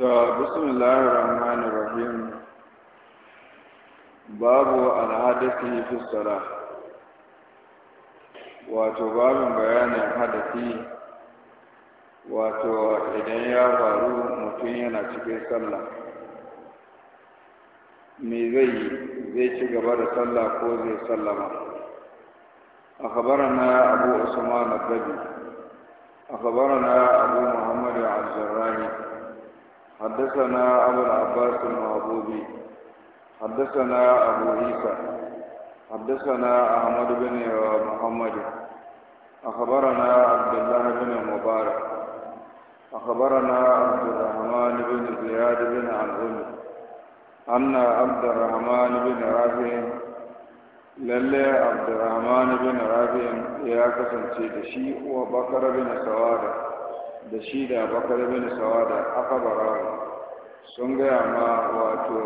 To, bismillahir rahmanir rahim babu alhadasi fi sala wato babin bayanin hadasi wato idan ya faru mutum yana cikin sallah me zai zai ci gaba da sallah ko zai sallama أخبرنا أبو عثمان الضبي أخبرنا أبو محمد الزراني حدثنا أبو العباس المعبودي حدثنا أبو عيسى حدثنا أحمد بن محمد أخبرنا عبد الله بن مبارك أخبرنا عبد الرحمن بن زياد بن عمرو أن عبد الرحمن بن رافع lalle abdurrahman bin rabi'in ya kasance da shi wa bakar bin sawada da shi da bakar bin sawada aka barawa sun gaya ma wato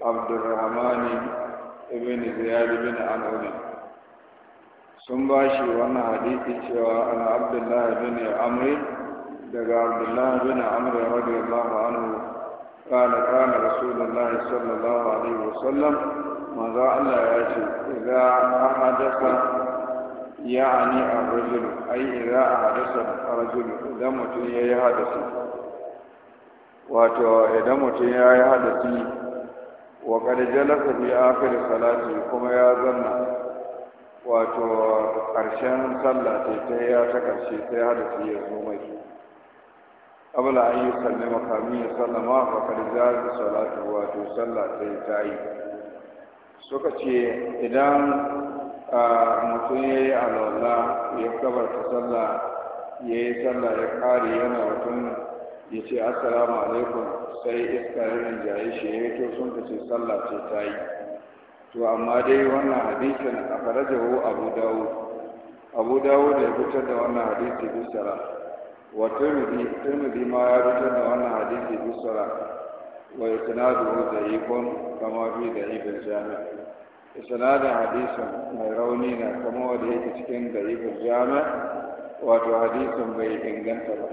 abdurrahman ibn ziyad bin anwar sun ba shi wannan hadisi cewa ana abdullahi bin amri daga abdullahi bin amri radiyallahu anhu قال قال رسول الله صلى الله عليه وسلم ya الله يأتي إذا أحدث Ya a ni يعني a أي إذا أحدث الرجل إذا متن يحدث wato idan mutum ya yi hadasi wa jalasa bi akhir salati kuma ya zanna wato ƙarshen sallah sai ta ya ta ƙarshe sai hadasi ya zo mai abla an yi sallama kamin ya sallama fa kad jaza salatu wato sallah sai ta yi suka ce idan mutum ya yi alwala ya gabarta sallah ya yi sallah ya kare yana mutum ya ce assalamu alaikum sai iska ya jaye shi ya yi to sun ta ce sallah ce ta yi to amma dai wannan hadisin a farajahu abu dawo. abu da ya fitar da wannan hadisi bisara wa turmudi turmudi ma ya fitar da wannan hadisi bisara wa isnaduhu da'ifun kama fi da'ifin jami'a isnadin hadisin mai rauni na kama wanda yake cikin garibin jami'a wato hadisin bai inganta ba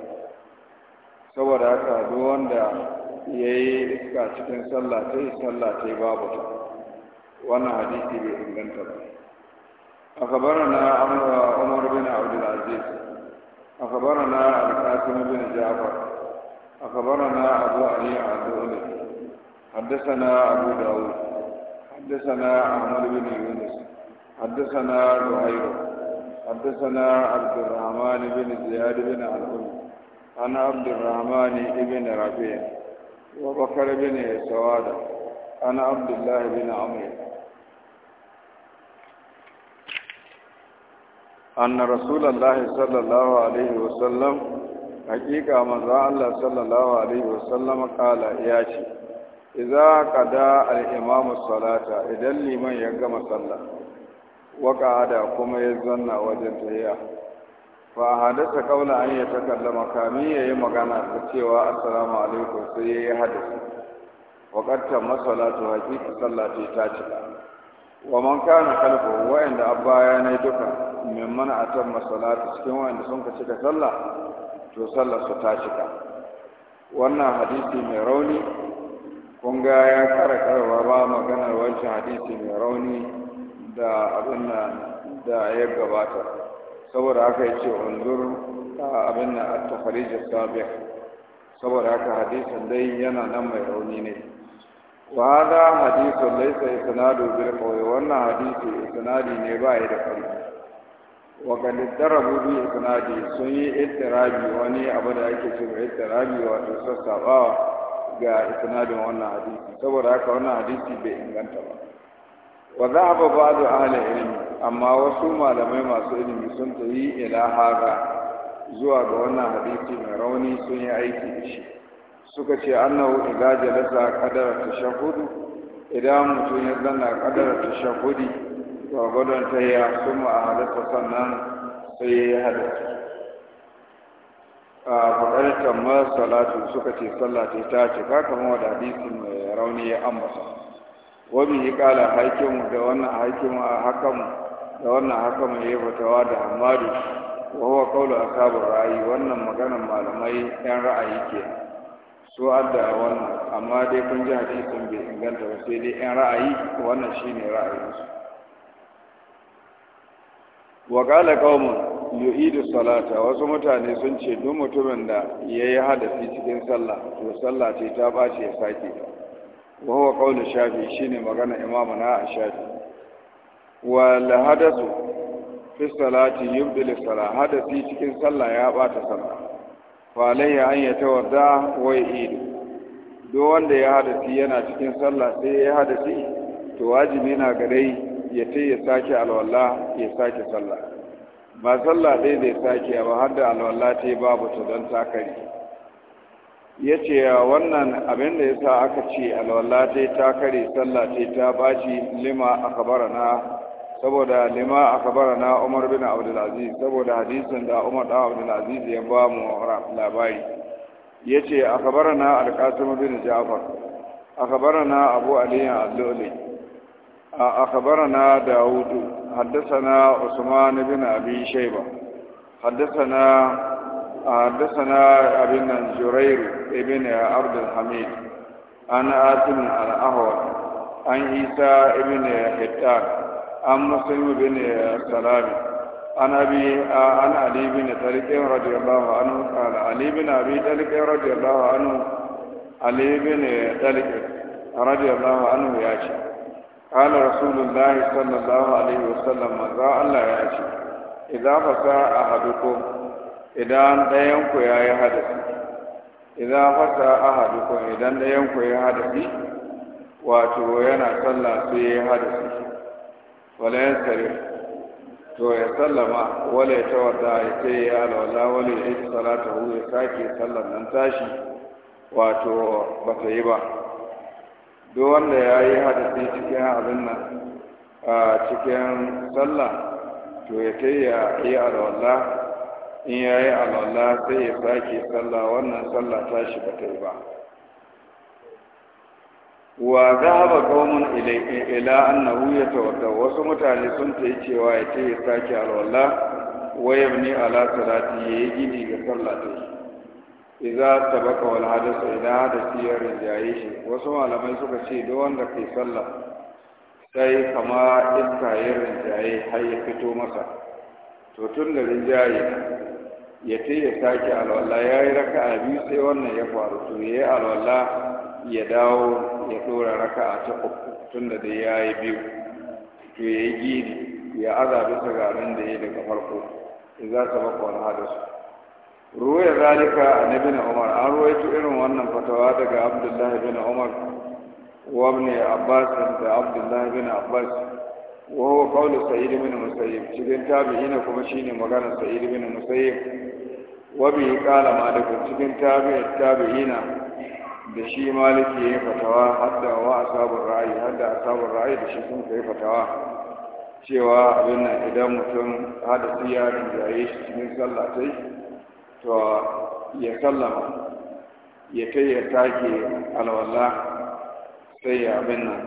saboda haka duk wanda ya yi iska cikin sallah sai sallah sai babu ta wani hadisi bai inganta ba a kabarar na amurwa umar bin abdul aziz a kabarar na alkasim bin jafar a kabarar na abu ali a dole haddasa na abu dawud حدثنا عمر بن يونس حدثنا رهيب حدثنا عبد الرحمن بن زياد بن عبد انا عبد الرحمن بن ربيع وبكر بن سواد انا عبد الله بن عمرو أن رسول الله صلى الله عليه وسلم حقيقة من الله صلى الله عليه وسلم قال يا شيخ idza qada al-imam salata idan liman ya gama sallah wa qa'ada kuma ya zanna wajen tahiya fa hadasa qawla an yatakallama kamin yayi magana ta cewa assalamu alaikum sai yayi hadasa wa qatta masalatu haqiqa sallati ta cika wa man kana kalbu wa'inda abaya ne duka mimman atamma salatu cikin wa'inda sun ka cika sallah to sallar su ta cika wannan hadisi mai rauni kun ga ya kara karwa ba maganar wancan hadisi mai rauni da abin na da ya gabata saboda haka yace unzur abin na at-tukhrij as saboda haka hadisin dai yana nan mai rauni ne wa za hadisun laysa isnadu bil kawai wannan hadisi isnadi ne ba ya da kari wa kad darabu bi sun yi ittirabi wani abu da ake cewa ittirabi wato sassabawa ga isnadin wannan hadisi saboda haka wannan hadisi bai inganta ba wa zahaba ba'du ahli ilmi amma wasu malamai masu ilimi sun tayi ila hada zuwa ga wannan hadisi mai rauni sun yi aiki da shi suka ce annahu idza jalasa qadara tashahhudu idan mutum ya zanna qadara tashahhudi to gwadon tayya kuma a halatta sannan sai ya halatta a ma masalatu suka ce sallah ta ta cika kamar wa hadisin mai rauni ya ambata wani ya kala hakimu da wannan hakimu a hakan da wannan hakan ya fatawa da hamadu wa huwa qawlu ashabur ra'ayi wannan maganar malamai yan ra'ayi ke su adda wannan amma dai kun ji hadisin bai inganta ba sai dai yan ra'ayi wannan shine ra'ayinsu wa qala qaumun yuhidu salata wasu mutane sun ce duk mutumin da ya yi hadafi cikin sallah to sallah ce ta bace ya sake wa huwa qawlu shafi shine magana imamu na shafi wa la hadasu fi salati yubdil salah hadasi cikin sallah ya bata sallah fa alayhi an yatawadda wa yuhidu duk wanda ya hadasi yana cikin sallah sai ya hadasi to wajibi na gare ya ce ya sake alwala ya sake sallah ba sallah dai zai sake ba har da alwala ta babu ta don takari ya ce wannan abin da ya sa aka ce alwala ta takari sallah ta ta baci lima akabara na saboda lima a kabara na umar bin abdulaziz saboda hadisin da umar da abdulaziz ya ba mu labari ya ce a kabara na alkasim bin jafar a kabara na abu aliyu alloli a kabara na dawudu حدثنا عثمان بن أبي شيبة حدثنا حدثنا ابن جرير ابن عبد الحميد عن آتم الأهول عن عيسى ابن حتان عن مسلم بن سلام عن أبي عن علي بن طلق رضي الله عنه قال علي بن أبي طلق رضي الله عنه علي بن طلق رضي الله عنه يا شيخ قال رسول الله صلى الله عليه وسلم ماذا الله يا شيخ إذا idan ɗayanku ya yi hadasi idan ɗayanku ya hadasi wato yana sallah sai yi hadasi wala ya tsare to ya sallama wala ya tawadda ya sai ya alwala wala ya yi ya sake sallan nan tashi wato ba ta yi ba duk wanda ya yi hadisi cikin abin nan a cikin sallah to ya kai ya yi alwala in ya yi alwala sai ya sake sallah wannan sallah ta shi ba ta yi ba wa zahaba qaumun ila annahu yatawadda wasu mutane sun tayi cewa ya ce ya sake alwala wayan ne ala salati yi gini ga sallah ta idza tabaka wal hadath idan hadasi ya rijaye shi wasu malamai suka ce duk wanda kai sallah sai kama iska ya rinjaye har ya fito masa to tun da rijayi ya ce ya sake alwala ya yi raka a biyu sai wannan ya faru to ya alwala ya dawo ya ɗora raka a ta uku tun da dai ya yi biyu to ya yi gini ya aza bisa ga abin da ya daga farko in baka wal bakwa ruwaya zalika na bin umar an ruwaito irin wannan fatawa daga abdullahi bin umar wa ibn abbas da abdullahi bin abbas wa huwa qawlu sa'id bin musayyib cikin tabi'ina kuma shine maganar sa'id bin musayyib wa bi qala malik cikin tabi'in tabi'ina da shi maliki ya fatawa hadda wa asabur ra'ayi hadda asabur ra'ayi da shi sun kai fatawa cewa abin nan idan mutum da ya yi shi cikin sallah sai to ya sallama ya kai ya sake alwala sai ya abin nan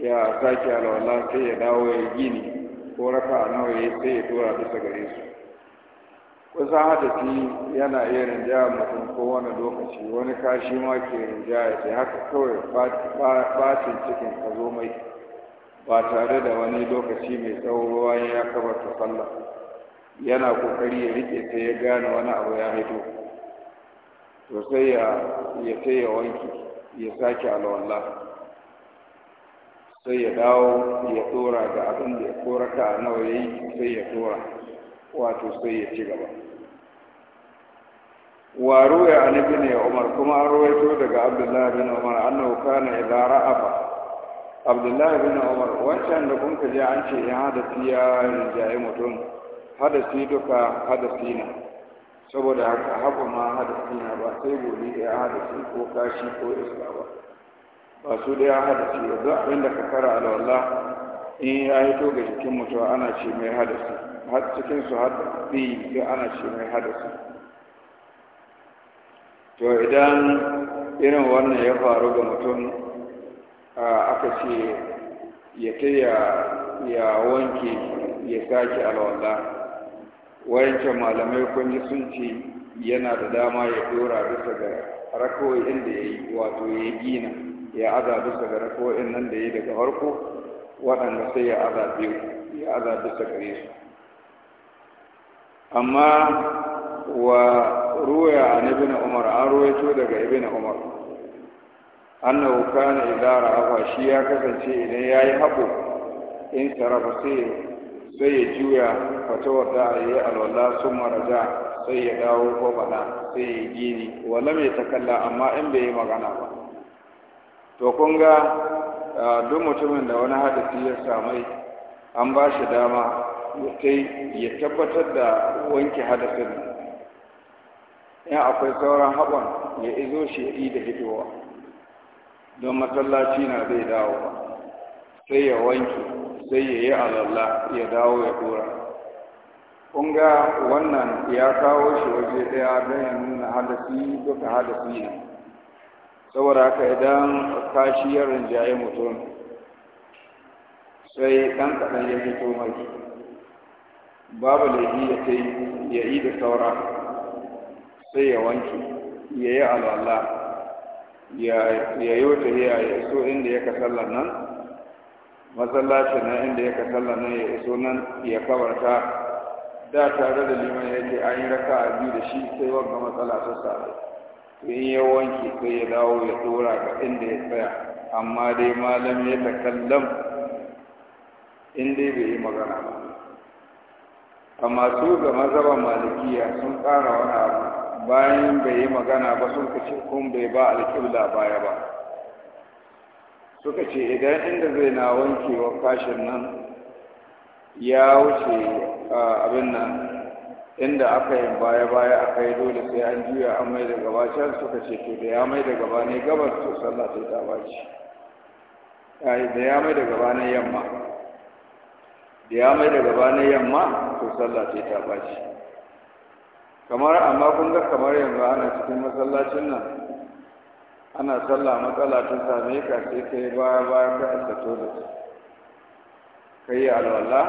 ya sake alwala sai ya dawo ya gini ko raka nawa ya sai ya tura bisa gare su kusan hadasi yana iya rinjaya mutum ko wani lokaci wani kashi ma ke rinjaya sai haka kawai bacin cikin ka zo mai ba tare da wani lokaci mai tsawo bayan ya ta sallah yana kokari ya rike sai ya gane wani abu ya haito to sai ya ya sai ya wanki ya sake alwala sai ya dawo ya tsora ga abin da ya korata a nawa yayi sai ya tsora wato sai ya ci gaba wa ruwa an ibn umar kuma an ruwaito daga abdullahi bin umar annahu kana idza ra'aba abdullahi bin umar wancan da kun kaje an ce ya tiya ya rinjaye mutum hadasi duka hadasi ne saboda haka haɓa ma hadasi na ba sai gobe da ya hadasi ko kashi ko iska ba ba su da ya hadasi ba za abin da ka kara alwala in ya hito ga jikin mutuwa ana ce mai hadasi har cikin su hadasi sai ana ce mai hadasi to idan irin wannan ya faru ga mutum aka ce ya ta ya wanke ya sake alwala wayancan malamai kun ji sun ce yana da dama ya dora bisa ga rako'in da ya yi wato ya gina ya aza bisa ga rako'in nan da ya daga farko waɗanda sai ya aza biyu ya aza bisa gare su amma wa ruwaya na ibn umar an ruwaito daga ibn umar annahu kana idara afa shi ya kasance idan yayi haɓo in sarafa sai sai ya juya fata wadda a yi alwala sun maraja sai ya dawo ko bana sai ya gini wala mai takalla amma in bai yi magana ba to kun ga duk mutumin da wani hadisi ya samai an ba shi dama kai ya tabbatar da wanke hadisin in akwai sauran haɓon ya izo shi ya yi da hidowa don masallaci na zai dawo ba sai ya wanki sai ya yi alalla ya dawo ya dora Kunga wannan ya kawo shi waje ɗaya don ya nuna hadasi duka hadasi ne saboda haka idan kashi ya rinjaye mutum sai ɗan kaɗan ya fito mai babu laifi ya kai ya yi da saura sai ya wanke ya yi alalla ya yi wata ya so inda ya ka sallar nan masallacin na inda ya kasalla nan ya iso nan ya kabarta da tare da liman ya ce an yi raka a biyu da shi sai wanga matsala ta sami to in ya wanke sai ya dawo ya dora ga inda ya tsaya amma dai malam ya takallam in dai bai yi magana ba amma su ga mazaban malikiya sun ƙara wani abu bayan bai yi magana ba sun kace kun bai ba alƙibla baya ba suka ce idan inda zai na wankewa kashin nan ya wuce abin nan inda aka yi baya-baya aka yi dole sai an juya an mai da gaba can suka ce to da ya mai da gaba ne gabas to sallah sai ta baci da ya mai da gaba ne yamma da ya mai da gaba ne yamma to sallah sai ta baci kamar amma kun ga kamar yanzu ana cikin masallacin nan ana sallah matsala ta same ka sai ka yi baya baya ka asato da su ka yi alwala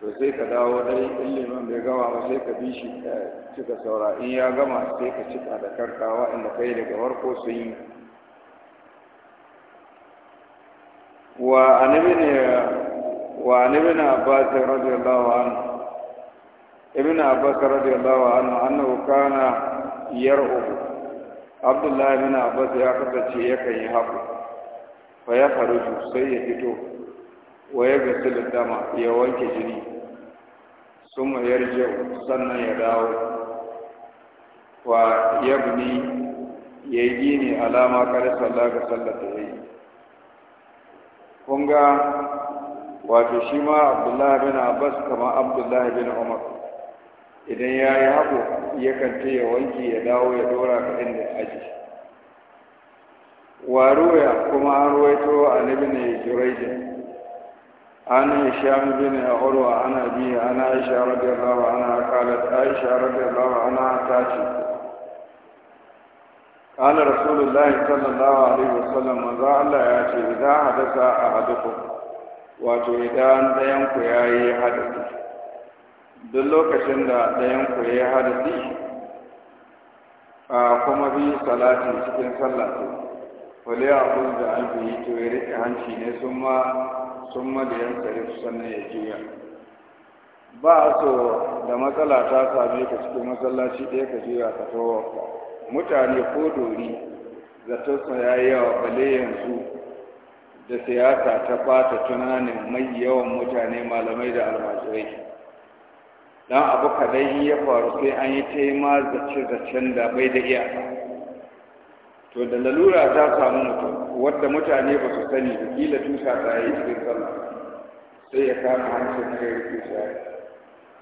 to sai ka dawo dai in liman bai gama ba sai ka bi shi ka cika saura in ya gama sai ka cika da karkawa inda ka yi daga farko sun yi wa anibin abbas radiyallahu anhu ibn abbas radiyallahu anhu annahu kana yar'u abdullahi bin abbas ya kasance yakan yi haku fa ya faru sai ya fito wa ya gasu dama ya wanke jini sun mayar rije sannan ya dawo wa ya bini ya yi gini alama kare sallah ga sallah da ya yi kun ga wato shi ma abdullahi bin abbas kama abdullahi bin umar idan ya yi haku yakan ta ya wanke ya dawo ya dora ka inda ya aji waruwa kuma an ruwaito a ne juraijin an yi hisham a urwa ana biya ana rawa, ana aisha radiyallahu anha qalat aisha radiyallahu anha ta ce قال رسول الله صلى الله عليه وسلم maza Allah ya ce idan hadasa a hadukum wato idan dayan ku yayi hadasi duk lokacin da ɗayan ku ya hadisi a kuma bi salati cikin sallatu wale kun da alfi yi to ya rike hanci ne sun ma sun ma da yan sannan ya juya ba a so da matsala ta same ka cikin masallaci ɗaya ka juya ka towa mutane ko dori zatonsa ya yi yawa bale yanzu da siyasa ta ɓata tunanin mai yawan mutane malamai da almajirai dan abu yi ya faru sai an yi ta yi ma zace-zacen da bai da iya to da lalura ta samu mutum wadda mutane ba su sani da kila tusa ta yi cikin sallah sai ya kama hancin kai rike shi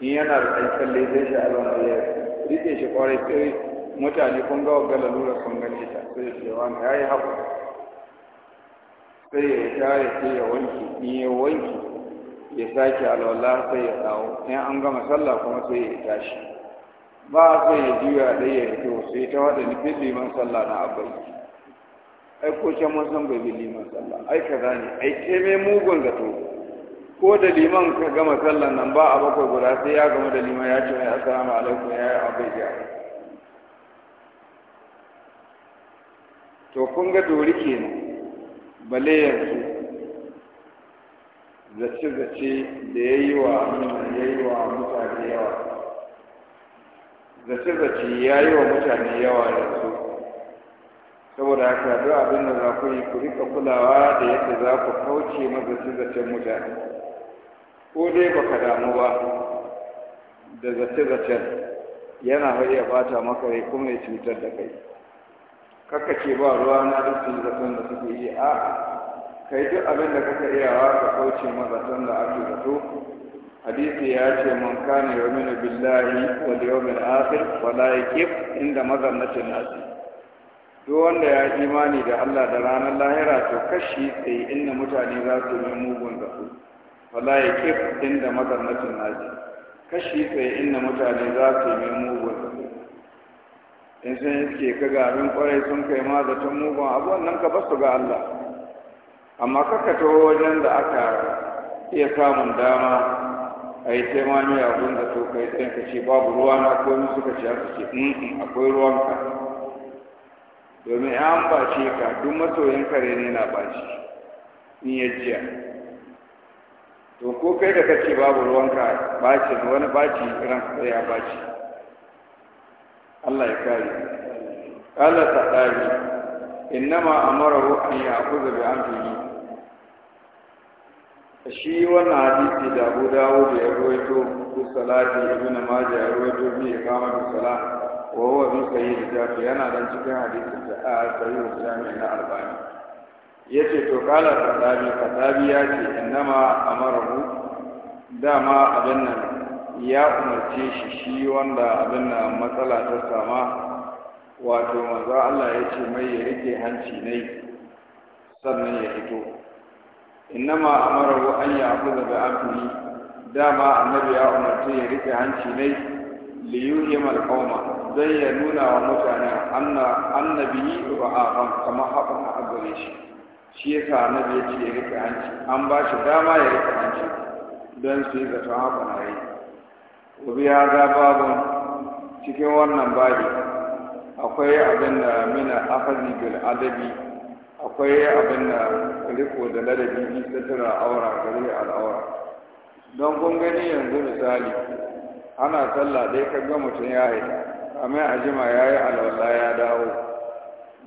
in yana da ɗan tsalle zai shi a zama ya rike shi kwarai sai mutane kun ga wagga lalura sun gane ta sai ya wani ya yi haku sai ya yi tare sai ya wanke in ya wanke ya sake alwala sai ya dawo in an gama sallah kuma sai ya tashi ba a sai ya juya dai ya fito sai ta wada nufin liman sallah na abai ai ko can mun san bai bi liman sallah ai ka ne ai keme mugun zato ko da liman ka gama sallah nan ba a bakwai guda sai ya gama da liman ya ce mai assalamu alaikum ya yi abai ya to kun ga dori kenan bale yanzu zace-zace da ya yi wa ya yi wa mutane yawa zace-zace ya yi wa mutane yawa da su. saboda haka duk abin da za ku yi ku rika kulawa da yadda za ku kauce ma zace-zacen mutane ko dai ba ka damu ba da zace-zacen yana iya bata maka rai kuma ya cutar da kai kakka ce ba ruwa na duk zaton da suke yi a. kai duk abin da kaka wa ka kauce mazatan da ake zato hadisi ya ce man kana yu'minu billahi wal yawmil akhir la yakif inda mazannatin nasi duk wanda ya imani da Allah da ranar lahira to kashi sai inda mutane za su yi mugun zato la yakif inda mazannatin nasi kashi sai inda mutane za su yi mugun zato in sun iske ka ga abin kwarai sun kai ma zaton mugun abu wannan ka basu ga Allah amma kaka to wajen da aka iya samun dama a yi taimami abin da to kai tsayin ka ce babu ruwa na komi suka ce aka ce akwai ruwanka domin an bace ka duk masoyin kare ne na bace in ya jiya to ko kai da kace babu ruwanka bace wani bace irin sai ya bace Allah ya kare Allah ta kare innama amarahu an ya'khudha bi anfihi shi wannan hadisi da Abu Dawud ya rawaito ku salati ibn Majah ya rawaito bi iqamatu salat wa huwa bi sahih jami yana dan cikin hadisin da a sahih jami na Albani yace to kala kadabi kadabi ya ce innama amarahu dama abin nan ya umarce shi shi wanda abin nan matsala ta sama wato manzo Allah ya ce mai ya rike hanci ne sannan ya fito innama amarahu an ya'khudha bi afni dama annabi ya umarce ya rike hanci ne li yuhima alqawma dan ya nuna wa mutane anna annabi ra'afan kama haɓa a agare shi shi yasa annabi ya ce ya rike hanci an ba shi dama ya rike hanci don su yi zaton haka na yi wa biya za babun cikin wannan babi akwai abin da mina afazi bil adabi akwai abin da riko da ladabi bi satara aura gari aura don kun gani yanzu misali ana sallah dai ka ga mutum ya yi amma a jima ya yi alwala ya dawo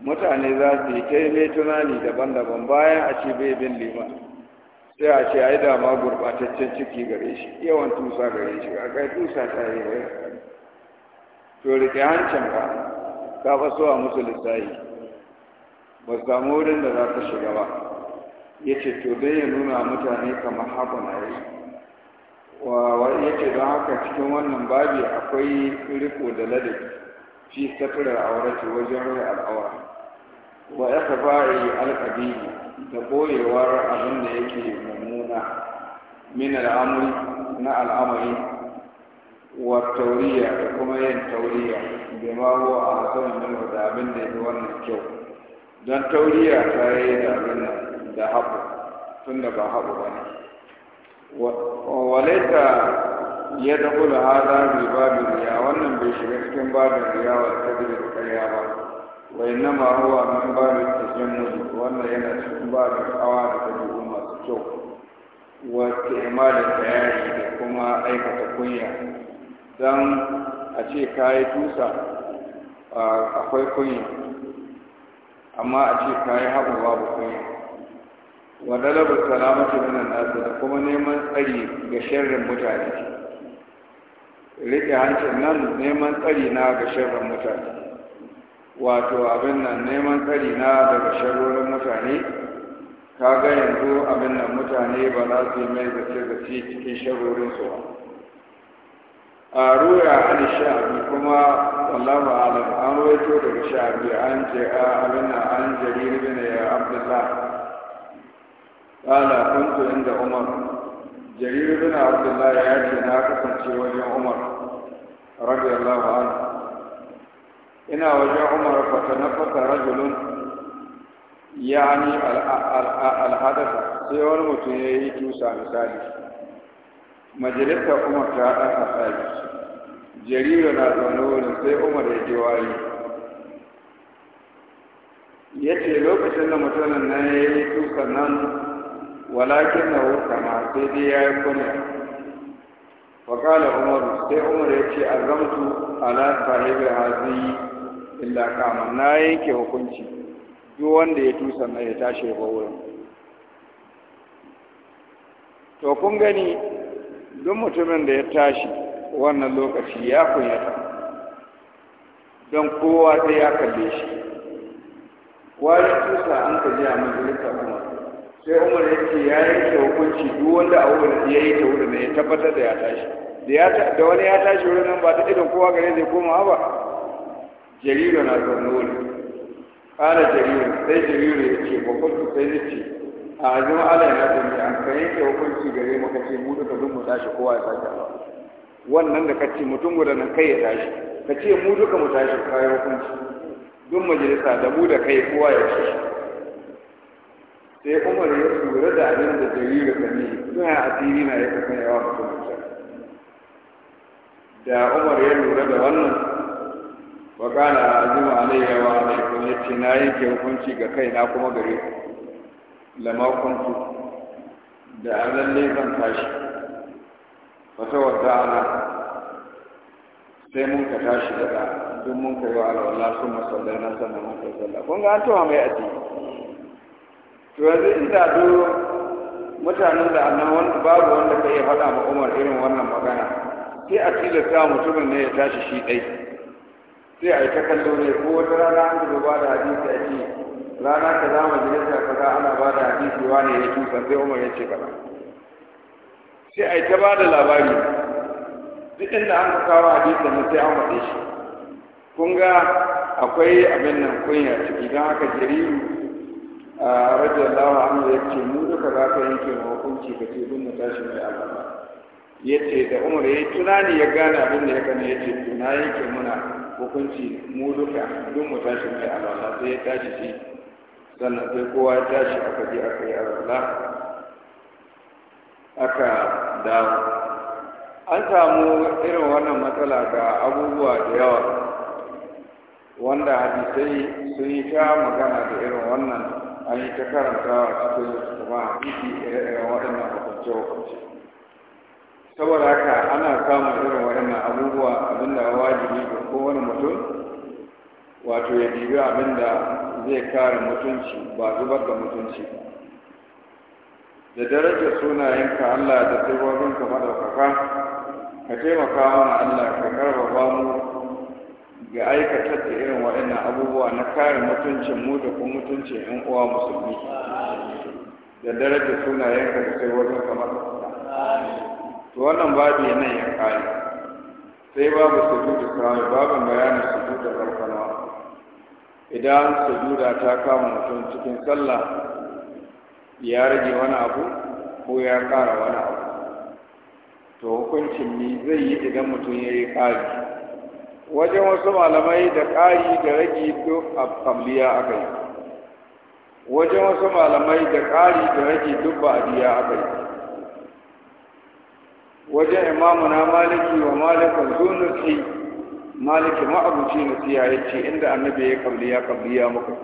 mutane za su yi kai mai tunani daban-daban bayan a ce bai bin liman sai a ce a yi dama gurɓataccen ciki gare shi yawan tusa gare shi a kai tusa ta yi to rike hancin ka ka faso a musu lissahi ba samu wurin da za ka shiga ba ya ce to dai ya nuna mutane kamar haka na yi ya ce don haka cikin wannan babi akwai riko da ladabi fi safirar aurati wajen rai al'aura wa ya yi alƙabi da ɓoyewar abin da yake mummuna min al'amuri na al'amari wa tauriya da kuma yin tauriya da ma huwa a hasan min da abin da yake wannan kyau don tauriya ta yi da abin da haɓu tun da ba haɓu ba ne walaita ya dafu da hada bai da riya wannan bai shiga cikin ba da riya wa ta da karya ba wai na ma huwa min cikin tajammuli wannan yana cikin da kawa da tabi'u masu kyau wa ta imalin tayari da kuma aikata kunya don a ce kayi tusa akwai kunya amma a ce kayi haɓu babu kunya wa salamatu salamata minan nasu da kuma neman tsari ga sharrin mutane riƙe hancin nan neman tsari na ga sharrin mutane wato abin nan neman tsari na daga sharrorin mutane ka ga yanzu abin nan mutane ba za su yi mai zace-zace cikin sharrorin su ba a ruya an sha'abi kuma wallahu alam an ruwaito daga sha'abi an ce a abin an jarir bin ya abdullah qala kuntu inda umar jarir bin abdullah ya ce na kasance wajen umar radiyallahu anhu ina wajen umar fata na fata rajulun ya ni al'adasa sai wani mutum ya yi tusa misali majalisa kuma ta ɗaka tsari jariru na zaune wurin sai umar ya ji wari ya ce lokacin da mutumin nan ya yi tusa nan walakin na ma sai dai ya yi kuna fakala umar sai umar ya ce azamtu ala sahibi hazi illa kama na yanke hukunci duk wanda ya tusa nan ya tashi ya wurin to kun gani don mutumin da ya tashi wannan lokaci ya kunyata don kowa sai ya kalle shi kwanan tusa an ka ji a majalisa kuma sai umar ya ce ya yanke hukunci duk wanda a wurin ya yi ta wurin ya tabbatar da ya tashi da wani ya tashi wurin nan ba ta idan kowa gare zai koma ba jariru na zaune wuri ƙara jariru sai jariru ya ce ba kwamfuta sai ce a zama Allah ya tafi an ka yanke hukunci gare mu kace mu duka duk mu tashi kowa ya sake Allah wannan da kace mutum guda nan kai ya tashi kace mu duka mu tashi kai hukunci duk majalisa da mu da kai kowa ya tashi sai Umar ya tsura da abin da jarira ta ne suna asiri na ya kasance yawa mutum da Umar ya lura da wannan wa kana azuma alayya wa alaikum yace na yanke hukunci ga kaina kuma gare ku lamakon da an lalle zan tashi wata wata ana sai mun ka tashi daga duk mun kai wa alwala sun masallai na sannan mun kai sallah kun ga an tuwa mai aji to yanzu in inda do mutanen da annan wanda babu wanda ka iya faɗa ma umar irin wannan magana sai a tilasta mutumin ne ya tashi shi ɗai sai a yi ta kallo ne ko wata rana an zuba da hadisi a ce rana ka za majalisa kaza ana ba da hadisi ne ya tusa sai umar ya ce kaza sai a yi ta ba da labari duk inda an ka kawo hadisin na sai an faɗe shi kun ga akwai abin nan kunya ciki don haka jariru a rajin lawa an ya ce mu duka za ka yanke ma hukunci ka ce bin mu tashi mai alama ya ce da umar ya yi tunani ya gane abin da ya gane ya ce tuna yanke muna hukunci mu duka duk mu tashi mai alama sai ya tashi shi sannan sai kowa ya tashi aka je aka yi arwala aka dawo an samu irin wannan matsala ga abubuwa da yawa wanda hadisai sun yi ta magana da irin wannan an yi ta karanta cikin kuma hadisi ire waɗannan hukunce-hukunce saboda haka ana samun irin waɗannan abubuwa abinda wajibi ga kowane mutum wato ya bibi abin da zai kare mutunci ba zubar da mutunci da darajar sunayenka Allah da tsibirinka maɗaukaka ka taimaka mana Allah ka karfafa mu ga aikatar da irin waɗannan abubuwa na kare mutuncin mu da kuma mutuncin 'yan uwa musulmi da darajar sunayenka da tsibirinka maɗaukaka to wannan babu yanayin ya kare sai babu su duka kawai babin bayanin su sujudu barkana idan sujuda ta kama mutum cikin sallah ya rage wani abu ko ya ƙara wani abu to hukuncin ne zai yi idan mutum ya yi ƙari wajen wasu malamai da ƙari da rage duk a aka yi wajen wasu malamai da ƙari da rage duk ba a biya aka yi wajen imamu na maliki wa malikun zunuki maliki ma'abuci siya ya ce inda annabi ya kabli ya kabli ya muka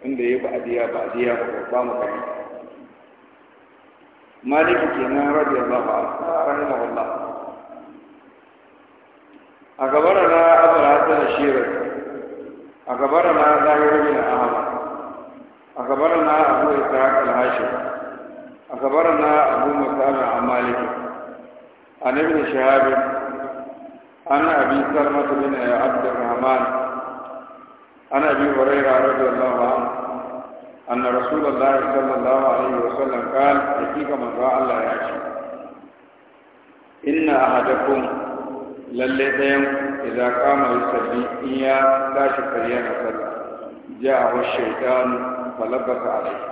inda ya ba'adi ya ba'adi ya muka ba mu kai maliki nan rabi allah ba a Allah. gabar na abu da shirin a gabar na zahiru bin ahmad a gabar na abu ta haka hashim a gabar na abu musa'ab a maliki A ibn shahabin an abi salmat bin abd arrahman an abi hurairah radiyallahu anhu anna rasulullahi sallallahu alaihi wasallam qala hakika manzo Allah ya ce inna ahadakum lalle dayan idan kama yusalli in ya tashi kariya na sallah ja'ahu shaytan falabaka alaihi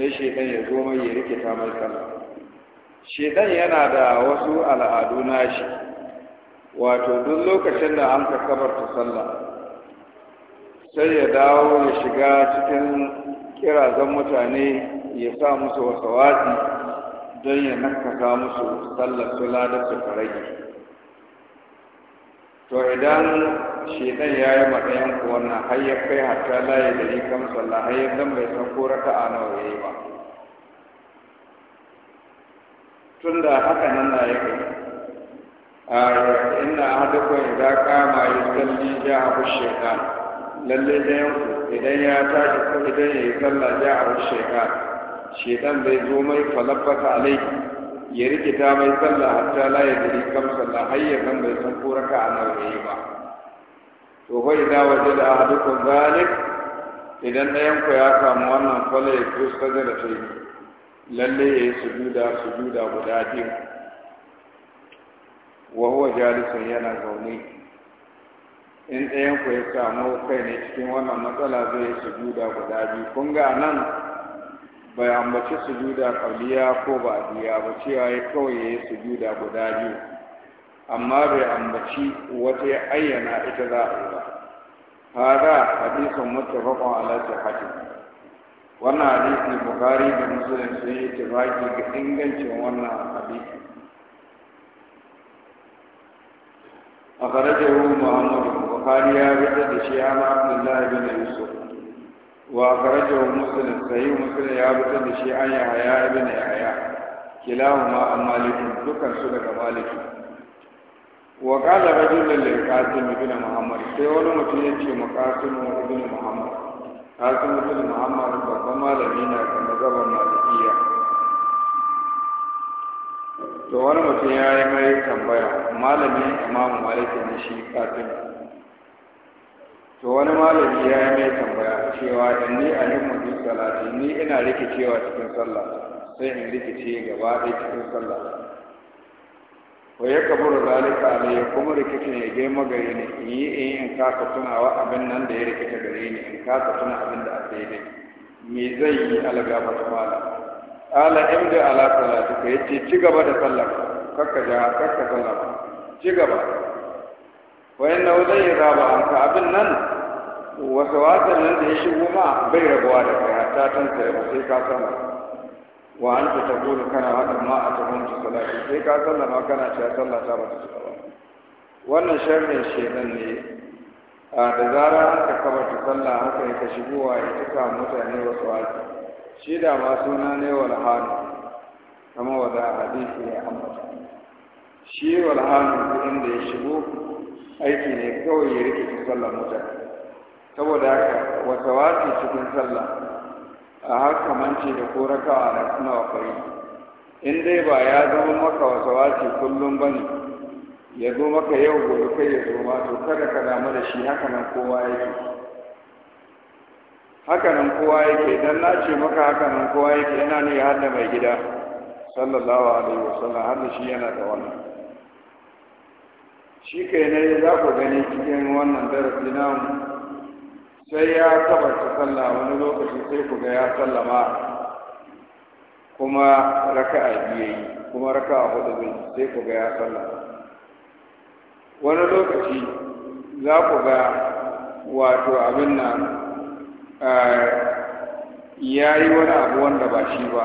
sai shaidan ya zo mai ya rikita mai sallah shaidan yana da wasu al'adu nashi wato duk lokacin da an ka kabarta sallah sai ya dawo ya shiga cikin kirazan mutane ya sa musu wasawati don ya nakasa musu sallar su ladar su to idan shedan ya yi matsayin ku wannan hayar kai hatta laye da yi kan sallah hayar bai san ko raka a nawa ya yi ba tunda haka nan na yi kai inna ahadakum idza qama yusalli ja'a shaytan lalle dayan ku idan ya tashi ko idan yayi sallah ja'a shaytan shaytan bai zo mai falabbata alai ya rikita mai sallah hatta la ya dari kam sallah hayya kan bai san ko raka a nawa yayi ba to fa idza wajada ahadukum zalik idan dayan ku ya samu wannan fala ya kusa da lalle ya sujuda sujuda guda biyu wa huwa jalisun yana zaune in ɗayan ku ya samu kai ne cikin wannan matsala zai yi sujuda guda biyu kun ga nan bai ambaci sujuda kauliya ko ba biya ba cewa ya kawai ya yi sujuda guda biyu amma bai ambaci wata ya ayyana ita za a yi ba hada hadisin muttafaqun ala sihhatihi wannan hadisi bukari da musulun sun yi tafaki ga ingancin wannan hadisi فخرجه محمد البخاري يا بيت الشيعة عبد الله بن يوسف وأخرجه مسلم صحيح مسلم يا بيت الشيعة يحيى بن يحيى كلاهما مالك ذكر سنة مالك وقال رجل للقاسم بن محمد سيقول متين مقاسم ابن محمد قاسم بن محمد فما لدينا كما مالكيه to wani mutum ya yi mai tambaya malami imamu maliki ne shi kafin to wani malami ya yi mai tambaya cewa in ni a yin mutum salati ni ina rikicewa cikin sallah sai in rikice gaba ɗaya cikin sallah wa ya kaburu zalika ya kuma rikicin ya girma magari ne, in yi in in kasa tunawa abin nan da ya rikice gare ni in kasa tuna abin da a daidai me zai yi algaba ta malam ala imda ala Ka yace ci gaba da sallah kakka ja kakka sallah ci gaba wa inna zai raba ka abin nan wasu sawata nan da ya shigo ma bai rabuwa da kai ta tun sai ba sai ka sallah wa anta taqulu kana wa amma a tafanta salati sai ka sallah ma kana cewa sallah ta ba ta ci gaba wannan sharrin shedan ne da zara an ka kaba ta sallah haka ya ka shigowa ya cika mutane wasu watan shi da ma suna ne walhanu kama wada hadisi ya ambata shi walhanu kudin da ya shigo aiki ne kawai ya rikice sallar mutum saboda haka wata wasi cikin sallah a haka manci da ko raka'a na suna wakwai in dai ba ya zama maka wata wasi kullum ba ne ya zo maka yau gobe kai ya zo ma to kada ka damu da shi haka nan kowa yake hakanan kowa yake dan na ce maka hakanan kowa yake yana ne har da mai gida sallallahu alaihi wasallam har da shi yana da wannan shi kai ne za ku gani cikin wannan darasi namu sai ya tabbata sallah wani lokaci sai ku ga ya sallama kuma raka'a biye kuma raka'a hudu ne sai ku ga ya sallama wani lokaci za ku ga wato abin nan ya yi wani abu wanda ba shi ba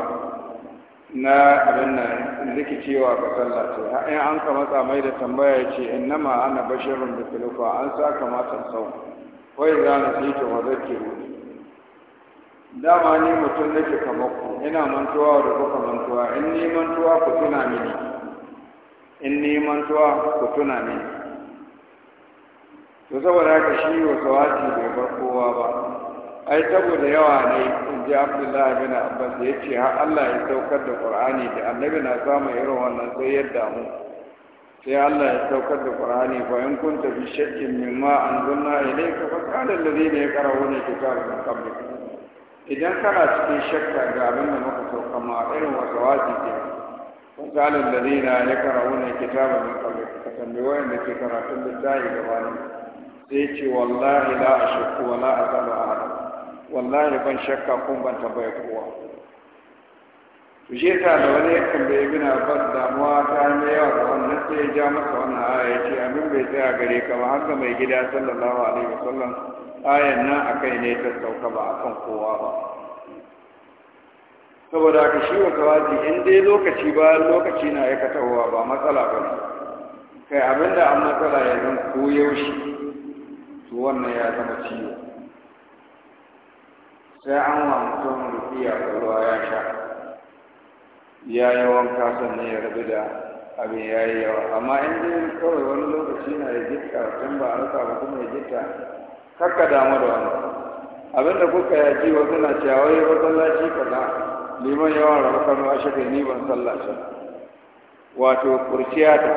na abin nan rikicewa ga sallah ce in an ka matsa mai da tambaya ya ce in nama ana bashirin da filufa an sa kamata sau wai za na sai ta wazar ke wuni dama ni mutum na kamar ku ina mantuwa da kuka mantuwa in ni mantuwa ku tuna mini in ni mantuwa ku tuna mini to saboda haka shi wasu wati bai bar kowa ba ai saboda yawa ne in ji abdullahi bin abbas ya ce har allah ya saukar da qur'ani da annabi na samu irin wannan sai ya damu sai allah ya saukar da qur'ani fa in kunta fi shakkin mimma anzalna ilayka fa qala alladhina yaqra'una kitaba min qablik idan kana cikin shakka ga abin da muka sauka ma irin wasu wasawasi ke fa qala alladhina yaqra'una kitaba min qablik ka tambayi wanda ke karatun littafi gabanin sai ce wallahi la ashku wala azalu ahad wallahi ban shakka kun ban tabbai kowa to je ta da wani ya gina bas abbas damuwa ta ne yawa wannan sai ya ja masa wannan aya ce abin bai tsaya gare ka ba haka mai gida sallallahu alaihi wasallam ayan nan akai ne ta sauka ba akan kowa ba saboda ka shi wa kawaji in dai lokaci ba lokaci na ya katawa ba matsala ba kai abinda an matsala ya zan koyaushe to wannan ya zama ciwo sai an wa mutum rufiya da ruwa ya sha ya yi wanka sannan ya rabu da abin ya yi yawa amma in dai kawai wani lokaci na ya jitta tun ba a rasa ba kuma ya jitta kakka damu da wani abin da kuka ya ji wasu na cewa wai masallaci kaza liman yawan rabu kano a shakai ni ban sallaci wato kurciyata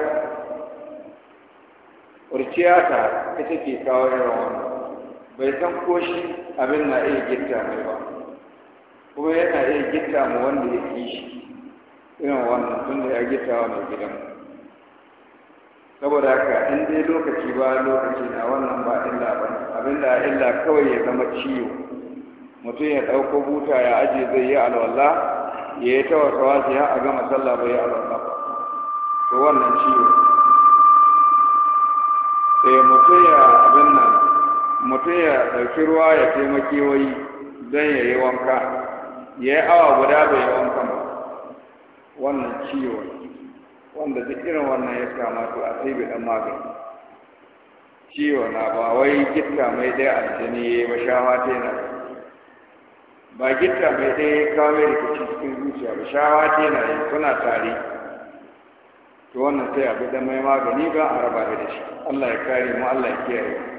kurciyata ita ke kawo yawan wani bai san ko shi abin na iya gitta mai ba kuma yana iya gitta mu wanda ya fi shi irin wannan tun da ya gitta wa mai gidan saboda haka in dai lokaci ba lokaci na wannan ba illa ba abin da illa kawai ya zama ciwo mutum ya ɗauko buta ya aje zai yi alwala ya yi ta wasu wasu ya a gama sallah bai yi alwala ba to wannan ciwo sai eh, mutum ya abin nan mutum ya ɗauki ruwa ya taimaki wai don ya yi wanka ya yi awa guda bai yi wanka ba wannan ciwo wanda duk irin wannan ya kama su a sai bi ɗan magani ciwo na ba wai gitta mai ɗaya a jini ya yi ba shawa ta yana ba gitta mai ɗaya ya kawo rikici cikin zuciya ba shawa ta yana yi suna tare to wannan sai a bi ɗan mai magani don a raba da shi Allah ya kare mu Allah ya kiyaye mu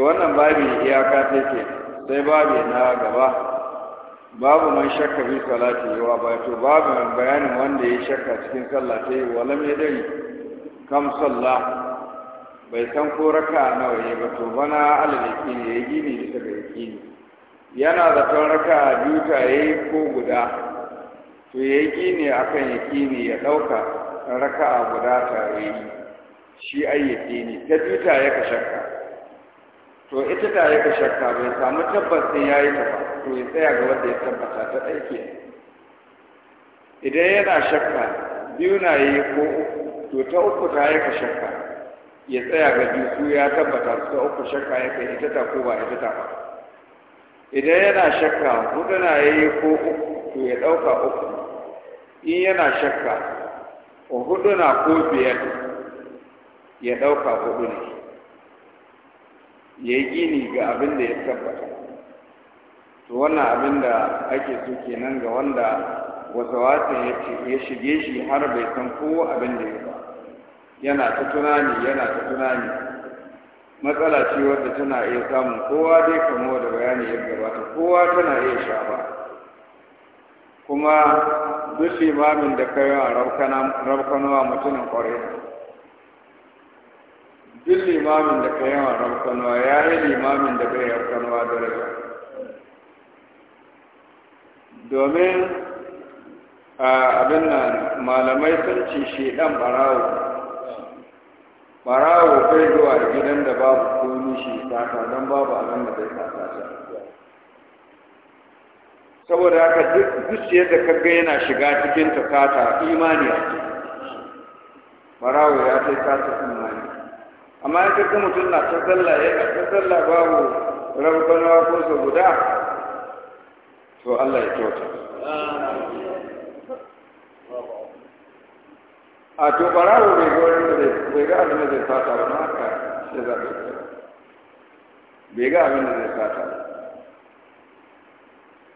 to wannan babi iyaka take sai babi na gaba babu man shakka bi salati wa ba to babu bayanin wanda ya shakka cikin sallah sai walam ya dai kam sallah bai san ko raka nawa ne ba to bana alalaki ne yayi gini da ga ne yana zaton raka biyu ta yayi ko guda to yayi ne akan ne ya dauka raka guda ta yayi shi ayyaki ne ta biyu ta ka shakka to ita ta yi ka shakka bai samu tabbas sai ya yi ta ba to ya tsaya ga wanda ya tabbata ta aiki idan yana shakka biyu na yi ko to ta uku ta yi ka shakka ya tsaya ga biyu su ya tabbata su ta uku shakka ya kai ita ta ko ba ita ta ba idan yana shakka hudu na yi ko uku to ya ɗauka uku in yana shakka hudu na ko biyar ya ɗauka hudu ne ya yi gini ga abin da ya tabbata to wannan abin da ake so kenan ga wanda wasawasin ya shige shi har bai san kowa abin da ya ba yana ta tunani yana ta tunani matsala ce wadda tana iya samun kowa dai kamo da bayani ya gabata kowa tana iya ba kuma duk limamin da kayan rabkanawa mutumin kwarai duk limamin da ka yawan ramkanuwa ya yi limamin da bai ramkanuwa daraja domin abin nan malamai sun ce ɗan barawo barawo bai zuwa gidan da babu komi shi sata don babu abin da bai sata shi saboda haka duk yadda da kaga yana shiga cikin ta imani a ce barawo ya kai sata imani amma in kaga mutum na ta sallah yana ta sallah babu rabbana ko sa guda to Allah ya kyauta a to barawo bai ga wani da bai ga abin da zai fata ba haka sai za ka bai ga abin da zai fata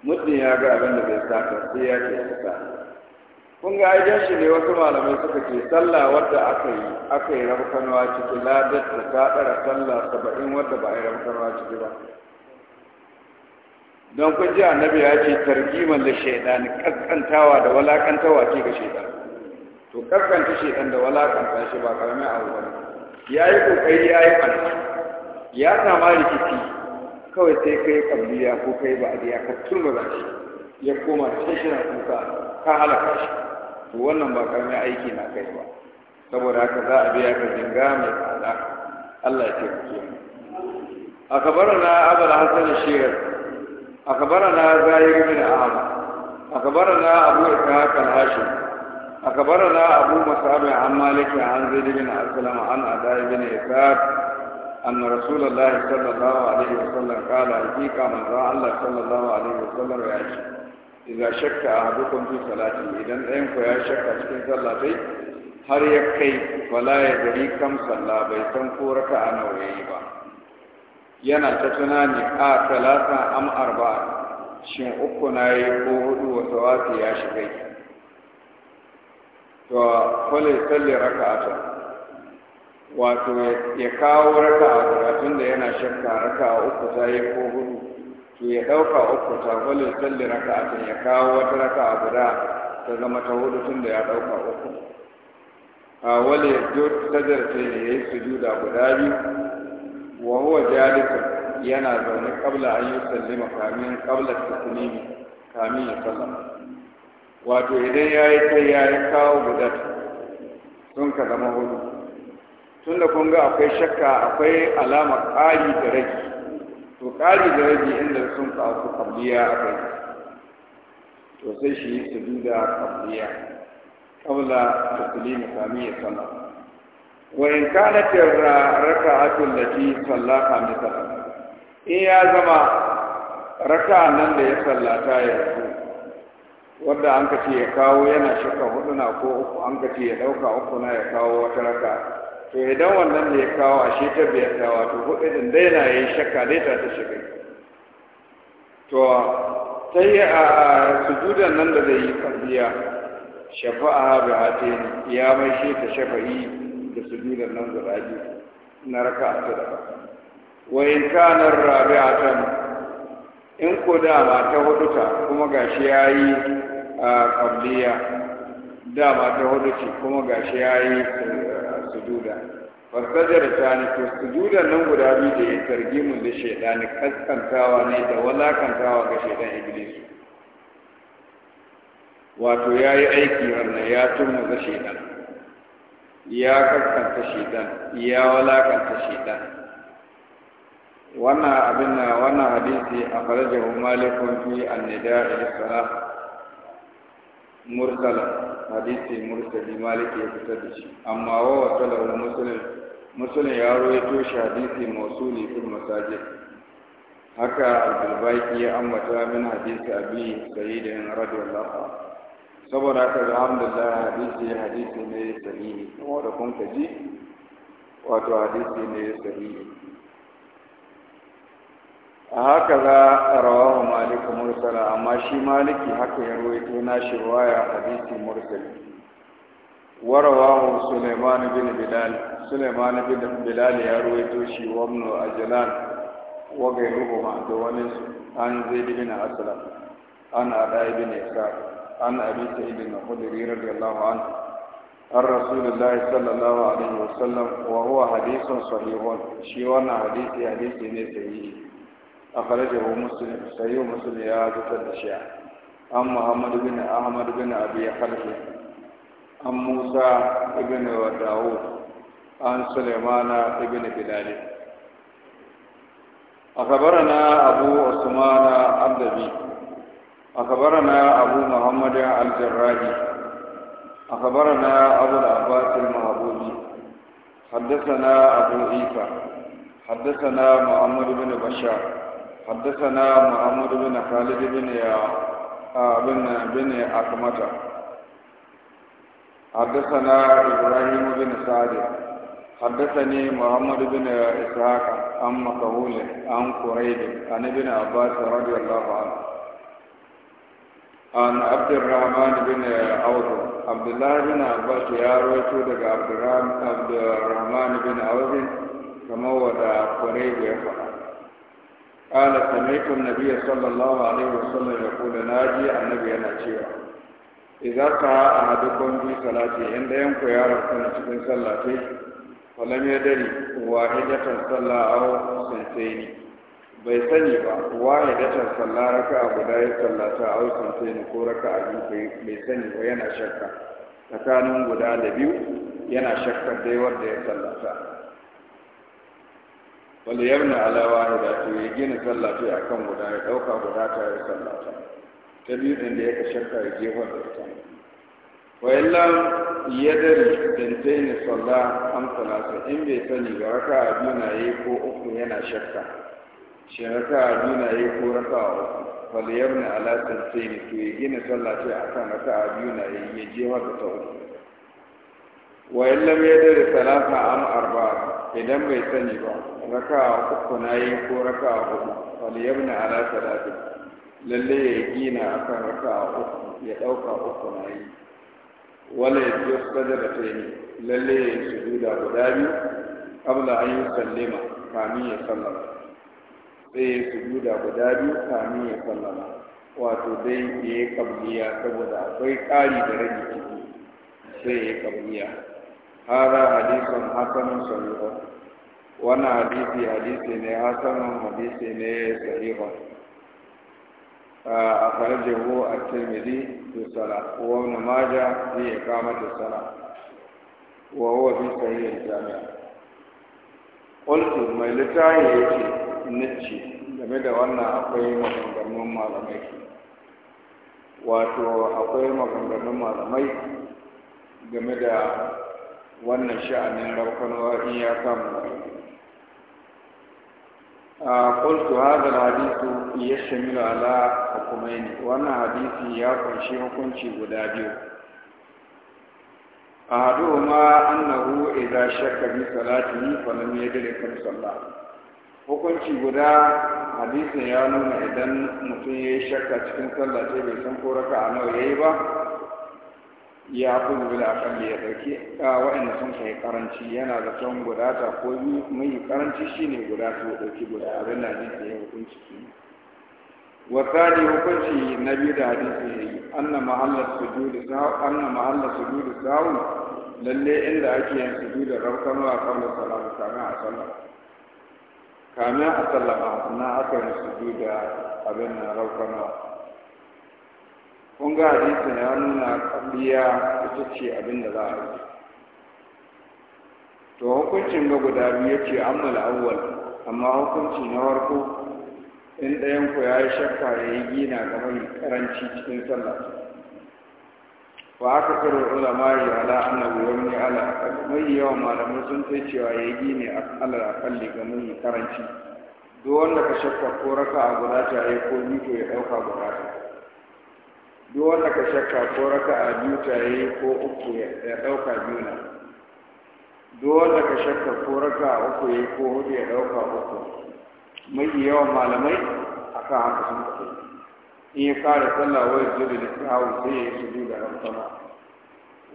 mutum ya ga abin da zai fata sai ya ce ya fata kun ga aidan shi ne wasu malamai suka ce sallah wadda aka yi aka yi rabkanwa ciki ladar da ta ɗara sallah saba'in wadda ba a yi rabkanwa ciki ba don kun ji annabi ya ce targiman da ni kaskantawa da walakantawa ce ga shaidan to kaskanta shaidan da walakanta shi ba karamin abu ba ya yi kokari ya yi ɓarki ya sama rikici kawai sai kai kabliya ko kai ba ya ka turmura shi ya koma cikin shirin kuka ka halaka shi to wannan ba karamin aiki na kai ba saboda haka za a biya ka zinga mai tsada Allah ya taimake mu a kabarana abul hasan shehu a kabarana zahir bin ahmad a kabarana abu ishaq al hashim a kabarana abu musabi an maliki an zaid bin aslam an adai bin ishaq أن رسول الله صلى الله عليه وسلم قال حقيقة من رأى الله صلى الله عليه وسلم يعيش Idan shakka a kan su salati idan ɗayan ku ya shakka cikin sallah sai har ya kai wala ya gari kam sallah bai san ko a nawa yayi ba yana ta tunani a talata am arba'a shin uku na yi ko hudu wa sawati ya shiga to fale salli can wato ya kawo raka a guda da yana shakka raka uku ta yi ko hudu to ya ɗauka uku ta gwalin salli raka a ya kawo wata raka a guda ta zama ta hudu tun da ya ɗauka uku a wale ya sajar ta ne ya yi sujuda guda biyu wa huwa jalisa yana zaune kabla an yi sallima kamin kabla tasnimi kamin ya sallama wato idan ya yi ta ya yi kawo guda sun ka zama hudu tun da kun ga akwai shakka akwai alama ƙari da rage to ƙari da rage inda sun kasu kabliya a kai to sai shi yi sujuda kabliya kabla taslimi kamiyya sallah wa in kanat raka'atu allati salla khamisatan in ya zama raka'a nan da ya sallata ya rasu wanda an ka ce ya kawo yana shuka hudu na ko uku an ka ce ya dauka uku na ya kawo wata raka to idan wannan ne ya kawo a shi ta biyar ta wato hudu din dai na yi shakka dai ta ta shiga to sai a sujudan nan da zai yi kabiya shafa'a bi hatin ya mai shi ta shafa'i da sujudan nan guda biyu na raka ta da wa in kana rabi'atan in ko dama ta hudu ta kuma gashi yayi a kabliya dama ta hudu ce kuma gashi yayi eh, sujuda fasajar ta ne to sujuda nan guda biyu da ya targi mu da shaidani kaskantawa ne da walakantawa ga shaidan iblis wato ya yi aiki wannan ya ga shaidan ya kaskanta shaidan ya walakanta shaidan wannan abin na wannan hadisi a farajahu malikun fi annida ila salah hadisi mursali maliki ya fitar da shi amma wa wasala wa muslim muslim ya rawaito shi hadisi mausuli fil masajid haka al-baiki ya ambata min hadisi abi sayyidin radiyallahu anhu saboda haka alhamdulillah hadisi hadisi ne sahihi kuma da kun kaji wato hadisi ne sahihi haka za a rawa wa malik mursala amma shi maliki haka ya ruwaito nashi ruwaya hadisi mursali wa rawahu suleiman bin bilal suleiman bin bilal ya ruwaito shi wa ibn ajlan wa ghayruhuma da wani an zaid bin aslam an ada ibn isa an abi sa'id bin khudri da anhu an rasu da rasulullahi sallallahu alaihi wasallam wa huwa hadithun sahihun shi wannan hadisi hadisi ne sahihi akhrajahu muslim sahih muslim ya fitar da shi an muhammad bin ahmad bin abi khalfi an musa ibn daud an sulaimana ibn bilal أخبرنا أبو عثمان الدبي أخبرنا أبو محمد الجراحي أخبرنا أبو العباس المهبوبي حدثنا أبو عيسى حدثنا محمد بن بشار حدثنا محمد بن خالد بن يا بن بن أكمتة حدثنا إبراهيم بن سعد حدثني محمد بن إسحاق عن مكهول عن قريب عن ابن عباس رضي الله عنه عن عبد الرحمن بن عوف عبد الله بن عباس يا رويتو دغ عبد الرحمن بن عوف كما ودا قريب يفعل قال سمعت النبي صلى الله عليه وسلم يقول ناجي النبي انا شيئا اذا قرأ احدكم في صلاته عند ينكو يا رب في صلاته فلم يدري واحدة صلى او سنتين bai sani ba waye datan sallah raka a guda ya sallata a wasan sai ko raka a biyu bai sani ba yana shakka tsakanin guda da biyu yana shakkar dai wanda ya sallata wanda yarna alawa ne da ya gina sallafi a akan guda ya ɗauka guda ta yi sallah ta biyu din da ya ka shakka ya jefa da dari wa illa yadari ne sallah an salasa in bai sani ga raka biyu na yi ko uku yana shakka shi raka biyu na yi ko raka a uku faliyarna ala tantaini to ya gina sallafi a akan raka biyu na yi ya je da ta uku wa ya yadari salasa an arba'a idan bai sani ba raka uku na yi ko raka hudu wani yabna ala salati lalle ya gina akan raka uku ya ɗauka uku na yi wala ya biyo sadar da ta yi lalle ya yi sujuda guda biyu kabla an yi sallama kamin ya sallama sai ya sujuda guda biyu kamin ya sallama wato dai ya yi kabliya saboda akwai kari da rage ciki sai ya yi kabliya هذا حديث حسن صحيح وانا hadisi hadisi ne حسن hadisi ne صحيح a farjahu a tirmidhi fi sala wa ibn majah fi iqamati sala wa huwa fi sahih al-jami' mai yake game da wannan akwai maganganun malamai wato akwai maganganun malamai game da wannan sha'anin rafkanwa in ya kama a ƙultu hada hadisu ya shamilu ala hukumaini wannan hadisi ya kunshi hukunci guda biyu a haɗu ma annahu idza shakka bi salatihi falam dare kan sallah hukunci guda hadisin ya nuna idan mutum ya yi shakka cikin sallah sai bai san ko raka'a nawa yayi ba ya kuzu bil akalli ya dauki wa'anda sun kai karanci yana da tsawon gudata ta ko mai karanci shi guda gudata ya dauki guda abin da hadisi ya hukunci ne hukunci na biyu da hadisi ya yi anna mahallar sujudi sahu anna mahallar sujudi sahu lalle inda ake yin sujudi rabkanu a kan salatu kamin a sallar kamin a sallama na aka yi da abin na rabkanu kun ga hadisin ya nuna ƙabliya ita ce abin da za a yi to hukuncin ga guda biyu ya ce an awwal amma hukunci na farko in ɗayan ku ya yi shakka ya yi gina ga mai karanci cikin sallah wa aka karo ulama ya ala annabi wa min ala mai yawan malamai sun sai cewa ya yi gini a ala akalli ga mai karanci duk wanda ka shakka ko raka a guda ta yi ko biyu ko ya ɗauka guda ta duk wanda ka shakka ko raka a biyu ta yi ko uku ya ɗauka biyu na duk wanda ka shakka ko raka a uku ya yi ko hudu ya ɗauka uku mai yawan malamai a kan haka sun kafa in ya fara sallah wai zuri da kawo sai ya yi su biyu da sama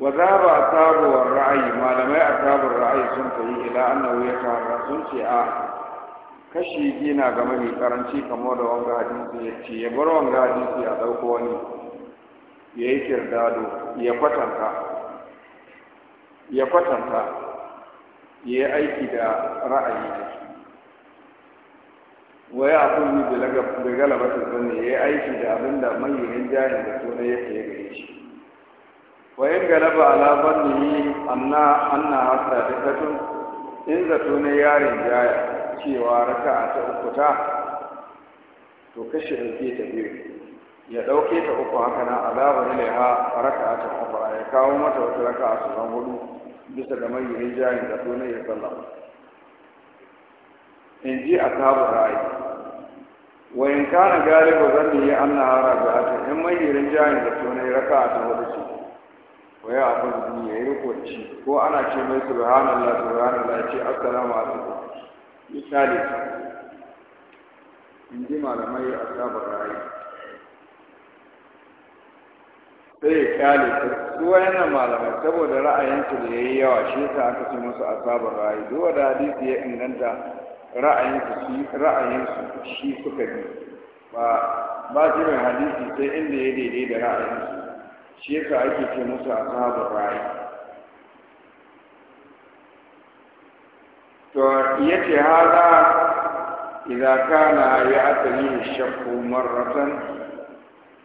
wa za ba a sabuwar ra'ayi malamai a sabuwar ra'ayi sun yi ila annahu ya fara sun ce a kashi gina game mai karanci kamar da wanga hadisi ya ce ya bar wanga hadisi a ɗauko wani ya yi kirdado ya kwatanta ya kwatanta ya yi aiki da ra'ayi da shi waya a kun yi da su zane ya yi aiki da abin da manyan jahin da tona ya ke gare shi wayan galaba ala yi anna anna hasa da katun in zato na yarin jaya cewa raka a ta ukuta to kashe ɗauke ta biyu ya ɗauke ta uku haka na alabar ne a raka a can uku ya kawo mata wata raka a su zan hudu bisa ga mai yin jayin da tona ya sallama in ji a sabu ra'ayi wa in kana galibu zan yi an na hara ga ta in mai yin jayin da tona ya raka a can hudu ce wa ya abu da ya yi riko ci shi ko ana ce mai subhanallah subhanallah ya ce assalamu alaikum misali in ji malamai a sabu ra'ayi sai ya kyale su wayannan malamai saboda ra'ayinsu da ya yi yawa shi sa aka ce musu asabar ra'ayi duk da hadisi ya inganta ra'ayinsu shi ra'ayinsu shi suka bi ba ba shi mai hadisi sai inda ya daidai da ra'ayinsu shi sa ake ce musu asabar ra'ayi to yace haza idan kana ya atani shakku marratan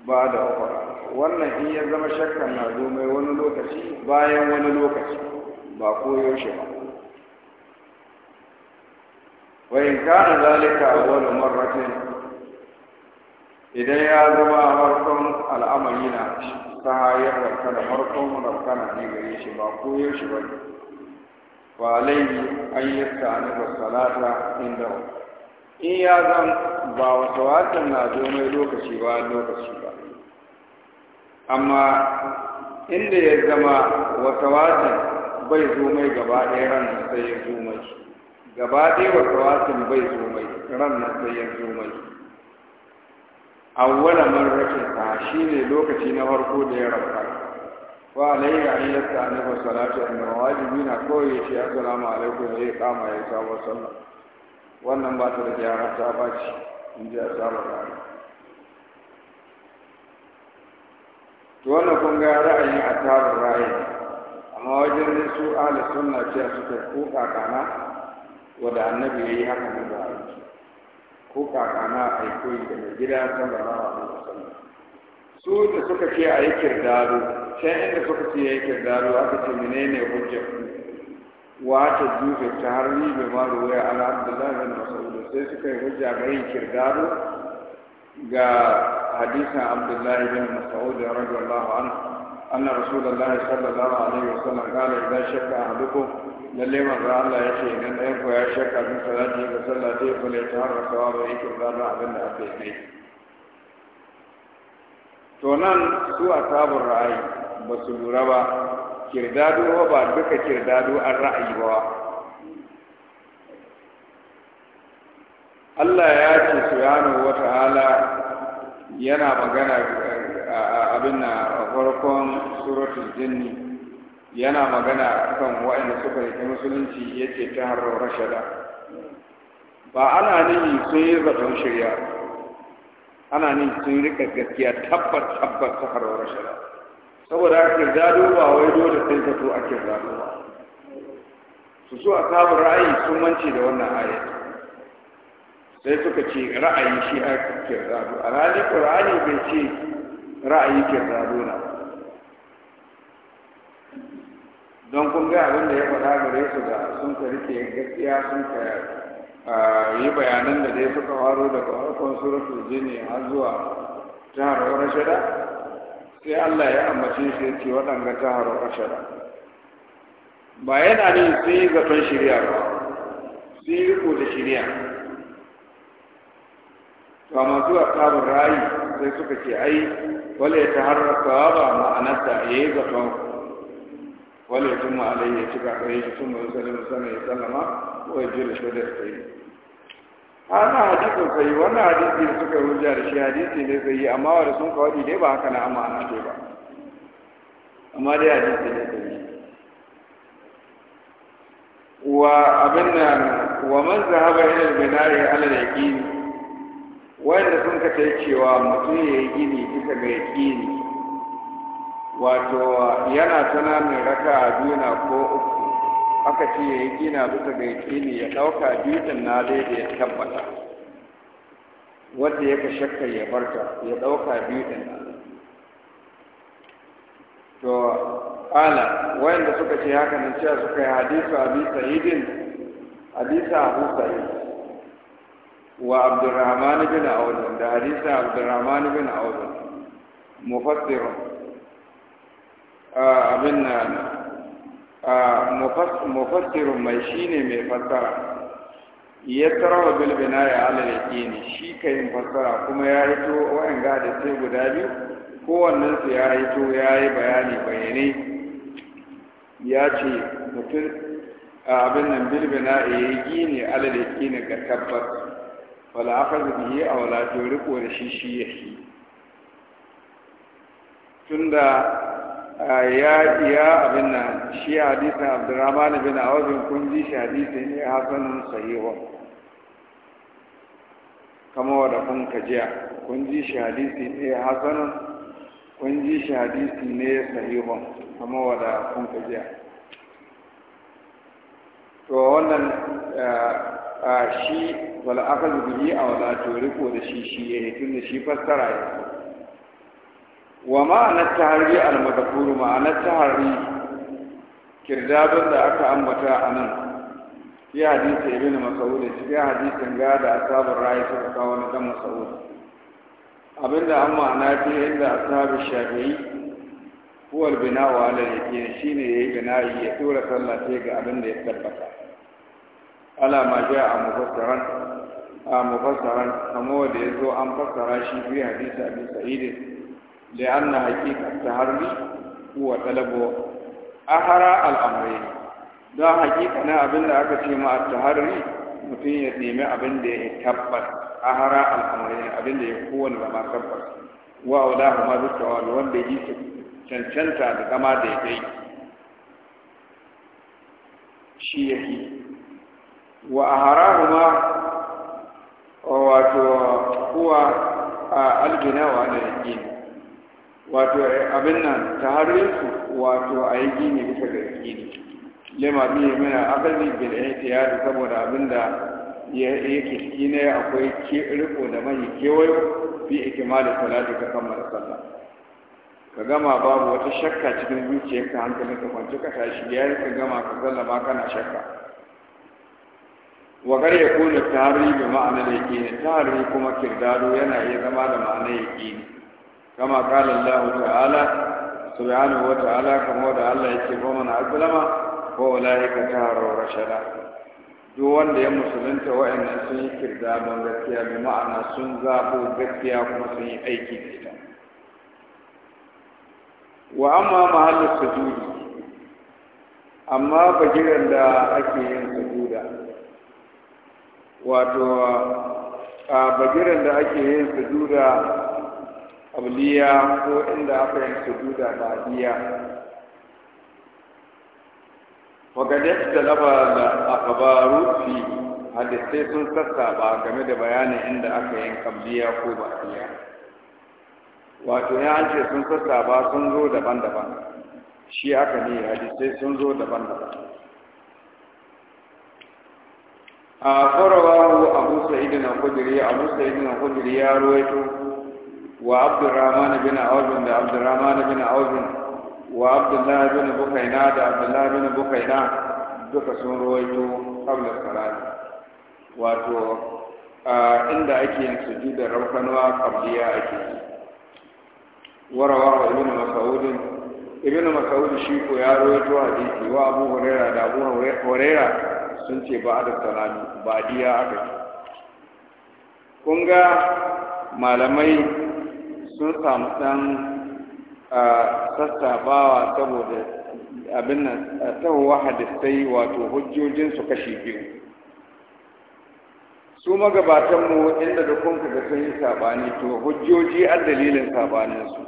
ba da ukura wannan in ya zama shakkan na zo mai wani lokaci bayan wani lokaci ba ko yaushe ba wa in kana zalika wani marratin idan ya zama a harkar al'amari na ta hayar rarka da harkar rarka na ne gare shi ba ko yaushe ba ne Ba laifi an yi yasta'anibu salata inda in ya zan ba wasu watan na zo mai lokaci ba lokaci ba amma inda ya zama wasu watan bai zo mai gaba ɗaya ran sai ya zo mai gaba ɗaya wasu watan bai zo mai ran sai ya zo mai awwala marrakin ka shine lokaci na farko da ya rabu wa alayhi an yatta annabi salatu annabi wajibi na kawai ya ce assalamu alaikum ya kama ya sabon sallah wannan ba ta da gyara ta ba ce in ji a tsara ra'ayi to wannan kun ga ra'ayin a tsara ra'ayi amma wajen ne su ala sunna ce suka ko kakana wanda annabi ya yi haka na da a ko kakana a yi koyi da mai gida sallallahu alaihi ba. su da suka ce a yi kirdaro can inda suka ce ya yi kirdaro aka ce menene hujjar wata dufe ta har ni bai ma waya ala abdullahi bin mas'ud sai suka yi hujja ga yin kirdado ga hadisin abdullahi bin mas'ud radiyallahu anhu anna rasulullahi sallallahu alaihi wasallam qala a shakka da lalle manzo Allah ya ce idan ɗayan ko ya shakka bin salati ga sallah dai ku ne ta harra sawaba ya kirdado abin da aka yi to nan su a asabur ra'ayi ba su lura ba kirdado ba duka kirdado an ra'ayi ba Allah ya ce subhanahu wa ta'ala yana magana abin na farkon suratul jinni yana magana kan wa'anda suka yi musulunci yake ta haro rashada ba ana nini sun yi zaton shirya ana nini sun rika gaskiya tabbat tabbat ta harar rashada saboda haka kirdado ba wai dole sai ka so ake kirdado ba su so a sabon ra'ayi sun mance da wannan ayat sai suka ce ra'ayi shi a kirdado a rani ƙura'ani bai ce ra'ayi kirdado na don kun ga abin da ya faɗa gare su da sun ka rike gaskiya sun ka yi bayanan da dai suka faro daga farkon suratul jini har zuwa ta wani shada sai Allah ya ambace shi ce waɗanda ta haro ashara ba yana ne sai zaton shirya ba sai riko da shirya to amma zuwa tsarin rayu sai suka ce ai wale ta harraka ba ma'anarta ya yi zaton wale tun ma'alai ya cika ɗaya shi sun mai musalin musamman ya ko ya jira shi da ya ana hadisin sai wannan hadisi suka hujja da shi hadisi ne sai amma wanda sun kawo dai ba haka na amana ce ba amma dai hadisi ne sai wa abin nan wa man zahaba ila al-bina'i ala al-yaqin wanda sun ka tai cewa mutum ya yi gini bisa ga yaqini wato yana mai raka'a biyu na ko uku aka ce ya yi gina bisa ga yaƙini ya ɗauka dutsen na daidai ya tabbata wadda ya ka shakka ya barka ya ɗauka dutsen na to ala wayanda suka ce haka nan cewa suka yi hadisu abi sa'idin hadisa abu sa'id wa abdurrahman bin auzun da hadisa abdurrahman bin auzun mufassir abin nan mufassirun mai shine mai fassara ya tarawa bilbina ya alalake ne shi ka yin fassara kuma ya hito wa'in ga sai guda biyu kowannen su ya hito ya yi bayani bayanai ya ce mutum a abin nan bilbina ya yi gini alalake ne ga tabbas wala aka zubi a wala to riko shi shi ya shi tunda ya abin nan shi hadisin abdurrahman bin awf kun ji shi hadisin ya hasanun sahiwa kama wadda kun kajiya kun ji shi hadisi ne hasan kun ji shi hadisi ne sahihun kama wadda kun kajiya to wannan shi wala aka zubi a wala to riko da shi shi ya hitun da shi fassara ya wa ma'anar tahari al-madakuru ma'anar tahari kirdabin da aka ambata a nan fi hadisi ibn mas'ud cikin hadisin ga da asabar rayu suka kawo na dan mas'ud abinda an ma'ana fi inda asabar shafi'i huwa al-bina'u ala al-yaqin shine yayi bina'i ya tura sallah sai ga abin da ya tabbata ala ma ja'a mufassaran a mufassaran kamar wanda yazo an fassara shi fi hadisi abi sa'id لأن حقيقة التهري هو طلب أهرى الأمرين don hakika na abin da aka ce ma a taharri mutum ya nemi abin da ya tabbas Ahara hara al'amarin abin da ya kowane zama tabbas wa wala ma da wa wanda yi cancanta da kama zama daidai shi ya yi wa a hara ma wato kuwa a aljina wa da yake wato eh, abin nan ta su wato a yi gini bisa ga gini lema biyu mana akali bil da saboda abin da ya yake ciki ne akwai riko da mai kewayo bi da salati ka kammala sallah ka gama babu wata shakka cikin zuciyarka hankalin ka kwance ka tashi ya ka gama ka sallama kana shakka wa kar ya kuna tarihi bi ma'anar yaqini tarihi kuma kirdado yana iya zama da ma'anar yaqini kama qala Allah ta'ala subhanahu wa ta'ala kama da Allah yake goma na azlama wa ulaika taharu rashada duk wanda ya musulunta wa'annan sun yi kirda don gaskiya bi ma'ana sun zabo gaskiya kuma sun yi aiki da ita wa amma mahallu sujudi amma bagiran da ake yin sujuda wato a bagiran da ake yin sujuda abliya ko inda aka yi sujuda da Wa ga da laba da akabaru fi hadisai sun ba game da bayanin inda aka yin kabliya ko iya wato ya ce sun ba sun zo daban-daban shi aka ne hadisai sun zo daban-daban a farawa abu sa'idina kujiri abu ya ruwaito wa abdurrahman bin awf da abdurrahman bin awf wa abdullah bin bukaina da abdullah bin bukaina duka sun rawaito qabla salat wato inda ake yin sujudar raukanuwa qabliya ake yi warawa ibn mas'ud ibn mas'ud shi ko ya rawaito hadisi wa abu hurairah da abu hurairah sun ce ba da salami ba diya aka kun ga malamai sun samu ɗan sassabawa saboda abin nan tahowa hadisai wato hujjojinsu kashi biyu su magabatanmu inda da kunka da sun yi sabani to hujjoji an dalilin sabaninsu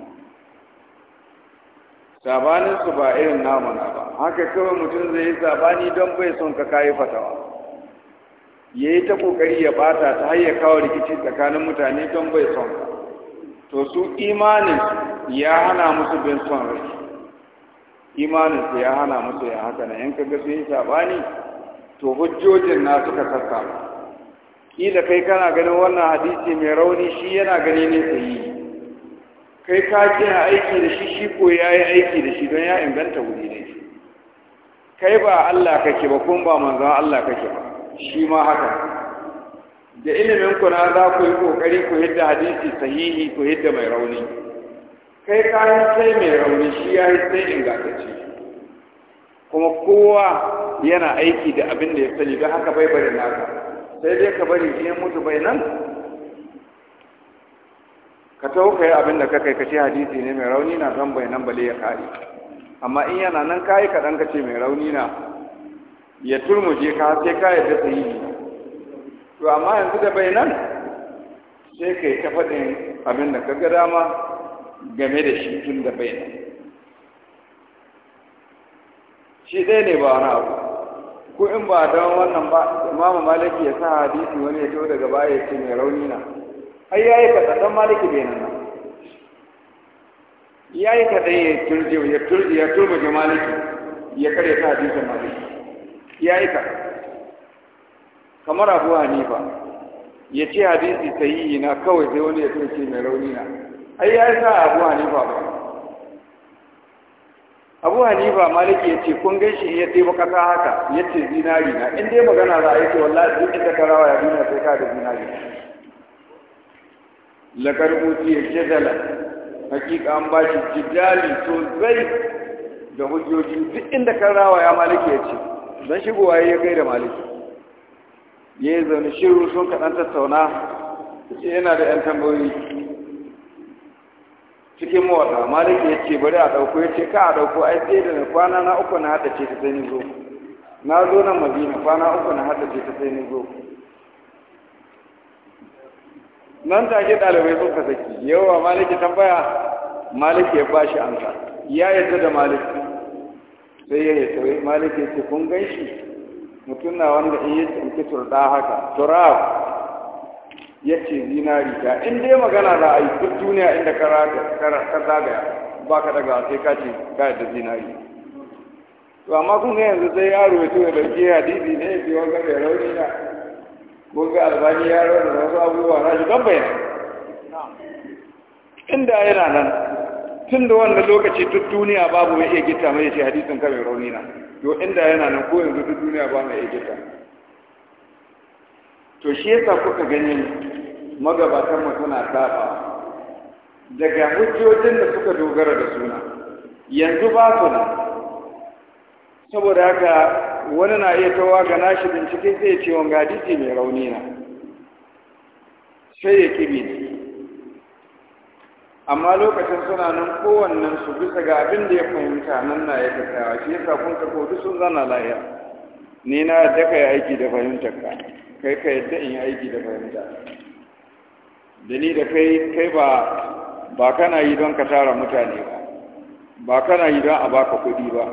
sabaninsu ba irin namuna ba haka kawai mutum zai yi sabani don bai son ka kayi fatawa ya yi ta ƙoƙari ya ɓata ta hayyar kawo rikici tsakanin mutane don bai son ka to su imanin ya hana musu bin son rai imanin su ya hana musu ya haka nan in ka ga yi sabani to hujjojin na suka sassa kila kai kana ganin wannan hadisi mai rauni shi yana gani ne yi. kai ka kina aiki da shi shi ko ya yi aiki da shi don ya inganta wuri ne kai ba Allah kake ba kun ba manzon Allah kake ba shi ma haka da ilimin ku na za ku yi kokari ku yadda hadisi sahihi ku yadda mai rauni kai ka yi sai mai rauni shi ya yi sai ingantacce kuma kowa yana aiki da abin da ya sani don haka bai bari naka sai dai ka bari in mutu bai nan ka taho ka yi abin da ka kai ce hadisi ne mai rauni na zan bai nan bale ya kare amma in yana nan kayi kaɗan ce mai rauni na ya turmuje ka sai ka yarda sahihi to amma yanzu da bai nan sai kai ta faɗin abin da ka ga dama game da shi tun da bai nan shi ɗaya ne ba wani abu ko in ba don wannan ba imamu maliki ya sa hadisi wani ya to daga baya ya ce mai rauni na ai ya yi kaɗa don maliki bai nan ya yi kaɗa ya turje ya turje ya turje maliki ya karya sa hadisin maliki ya yi kaɗa kamar abu hanifa ya ce hadisi ta yi na kawai sai wani ya ce mai rauni na ai ya sa abu hanifa ba abu hanifa maliki ya ce kun gan shi ya taiba kasa haka ya ce zinari na in dai magana za a yi ce wallahi duk inda ka rawa ya duniya sai ka da zinari lakar kuti ya ce dala hakika an ba shi jidali sosai da hujjoji duk inda ka rawa ya maliki ya ce don shigowa ya gaida da maliki ya yi zaune shiru sun kaɗan tattauna ce yana da ‘yan tambayoyi cikin mawata maliki ya ce bari a ɗauko ya ce ka a ɗauko ai sai da kwana na uku na ce ta sai ni zo na zo nan madina kwana uku na ce ta sai ni zo nan ke ɗalibai sun ka saki yawa maliki tambaya maliki ya ba shi amsa ya yadda da maliki sai ya yi maliki ya ce kun gan shi mutum na wanda in yi kitur da haka turab ya ce zinari ta in dai magana da ai duk duniya inda ka zagaya ba ka daga sai ka ce ka yadda zinari to amma kun ga yanzu sai yaro ya tuwa ke hadisi ne ya biyo ga bai rauni na kun ga albani ya da wasu abubuwa na shi gabbai inda yana nan tun da wannan lokaci duk duniya babu mai iya gita mai shi hadisun kamar rauni na to inda yana nan ko yanzu duk duniya ba mai iya gita to shi yasa kuka gani magabatan mu suna saba daga hujjojin da suka dogara da suna yanzu ba su nan saboda haka wani na iya tawa ga nashi bincike sai ya ce wanga hadisi mai rauni na sai ya kibi amma lokacin suna nan kowannen su bisa ga abin da ya fahimta nan na ya kasawa shi yasa kun ka ko sun zana lahiya ni na yadda ka yi aiki da fahimtar ka kai ka yadda in yi aiki da fahimta da ni da kai kai ba ba kana yi don ka tara mutane ba ba kana yi don a baka kuɗi ba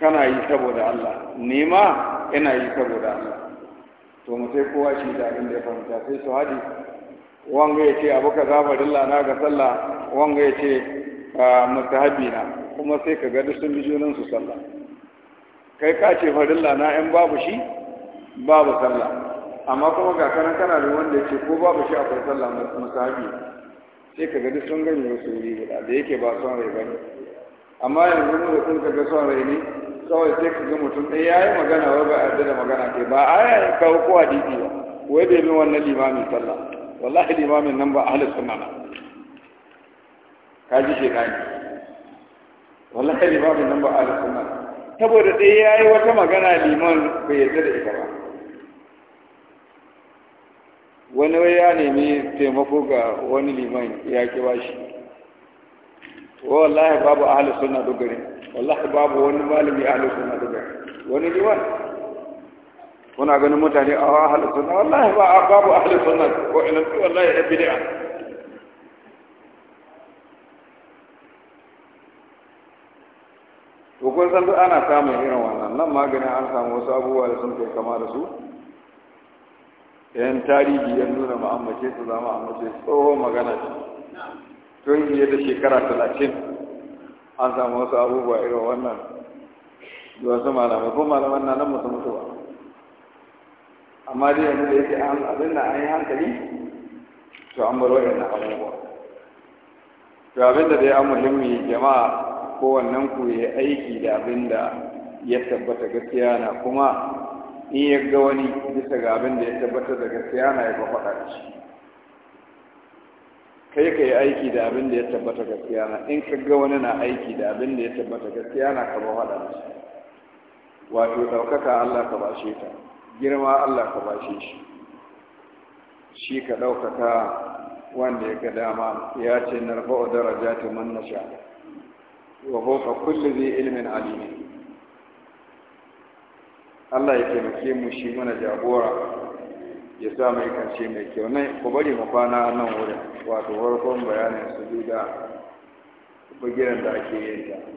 kana yi saboda Allah ma ina yi saboda Allah to mu sai kowa shi da abin da ya fahimta sai su hadi wanga ya ce abu kaza farilla na ga sallah wanga ya ce ah, mustahabi na kuma sai ka ga duk sun bi junan su sallah kai ka ce farilla na 'yan babu shi babu sallah amma kuma ga kanan kana da wanda ya ce ko babu shi akwai sallah mustahabi sai ka ga duk sun gani wasu yi guda da yake ba son rai bane amma yanzu mu da sun ka ga son rai ne kawai sai ka ga mutum ɗaya ya yi magana wai ba yarda da magana ke ba aya ya kawo ko hadisi ba wai bai bin wannan limamin sallah wallahi limamin nan ba ahli sunna na kaji shekani wallahi limamin nan ba ahli sunna saboda dai yayi wata magana liman bai yarda da ita ba wani wai ya nemi taimako ga wani liman ya ki bashi wallahi babu ahli sunna dogare wallahi babu wani malami ahli sunna dogare wani liman kuna ganin mutane a ahlus suna wallahi ba babu ahlus suna ko ina wallahi da bid'a to kun san duk ana samun irin wannan nan maganin an samu wasu abubuwa da sun kai kama da su yan tarihi ya nuna ma'amace su zama amace tsohon magana ce tun yi da shekara talatin an samu wasu abubuwa irin wannan da wasu malamai ko malaman na nan musu mutuwa amma dai yanzu da yake an abin da an yi hankali to an bar na abubuwa to abin da dai an muhimmi jama'a kowannen ku ya aiki da abin da ya tabbata gaskiya na kuma in ya ga wani bisa ga abin da ya tabbata da gaskiya na ya ba faɗa shi kai ka yi aiki da abin da ya tabbata gaskiya na in ka ga wani na aiki da abin da ya tabbata gaskiya na ka ba faɗa shi wato ɗaukaka Allah ka bashe ta girma Allah ka bashe shi shi ka ɗaukaka wanda ya ga dama ya ce na narfa'u darajatu man nasha wa fawqa kulli dhi ilmin alim Allah ya taimake mu shi mana jagora ya sa mai kance mai kyau ne ku bari mu kwana nan wurin wato farkon bayanin su sujuda bugiran da ake yin ta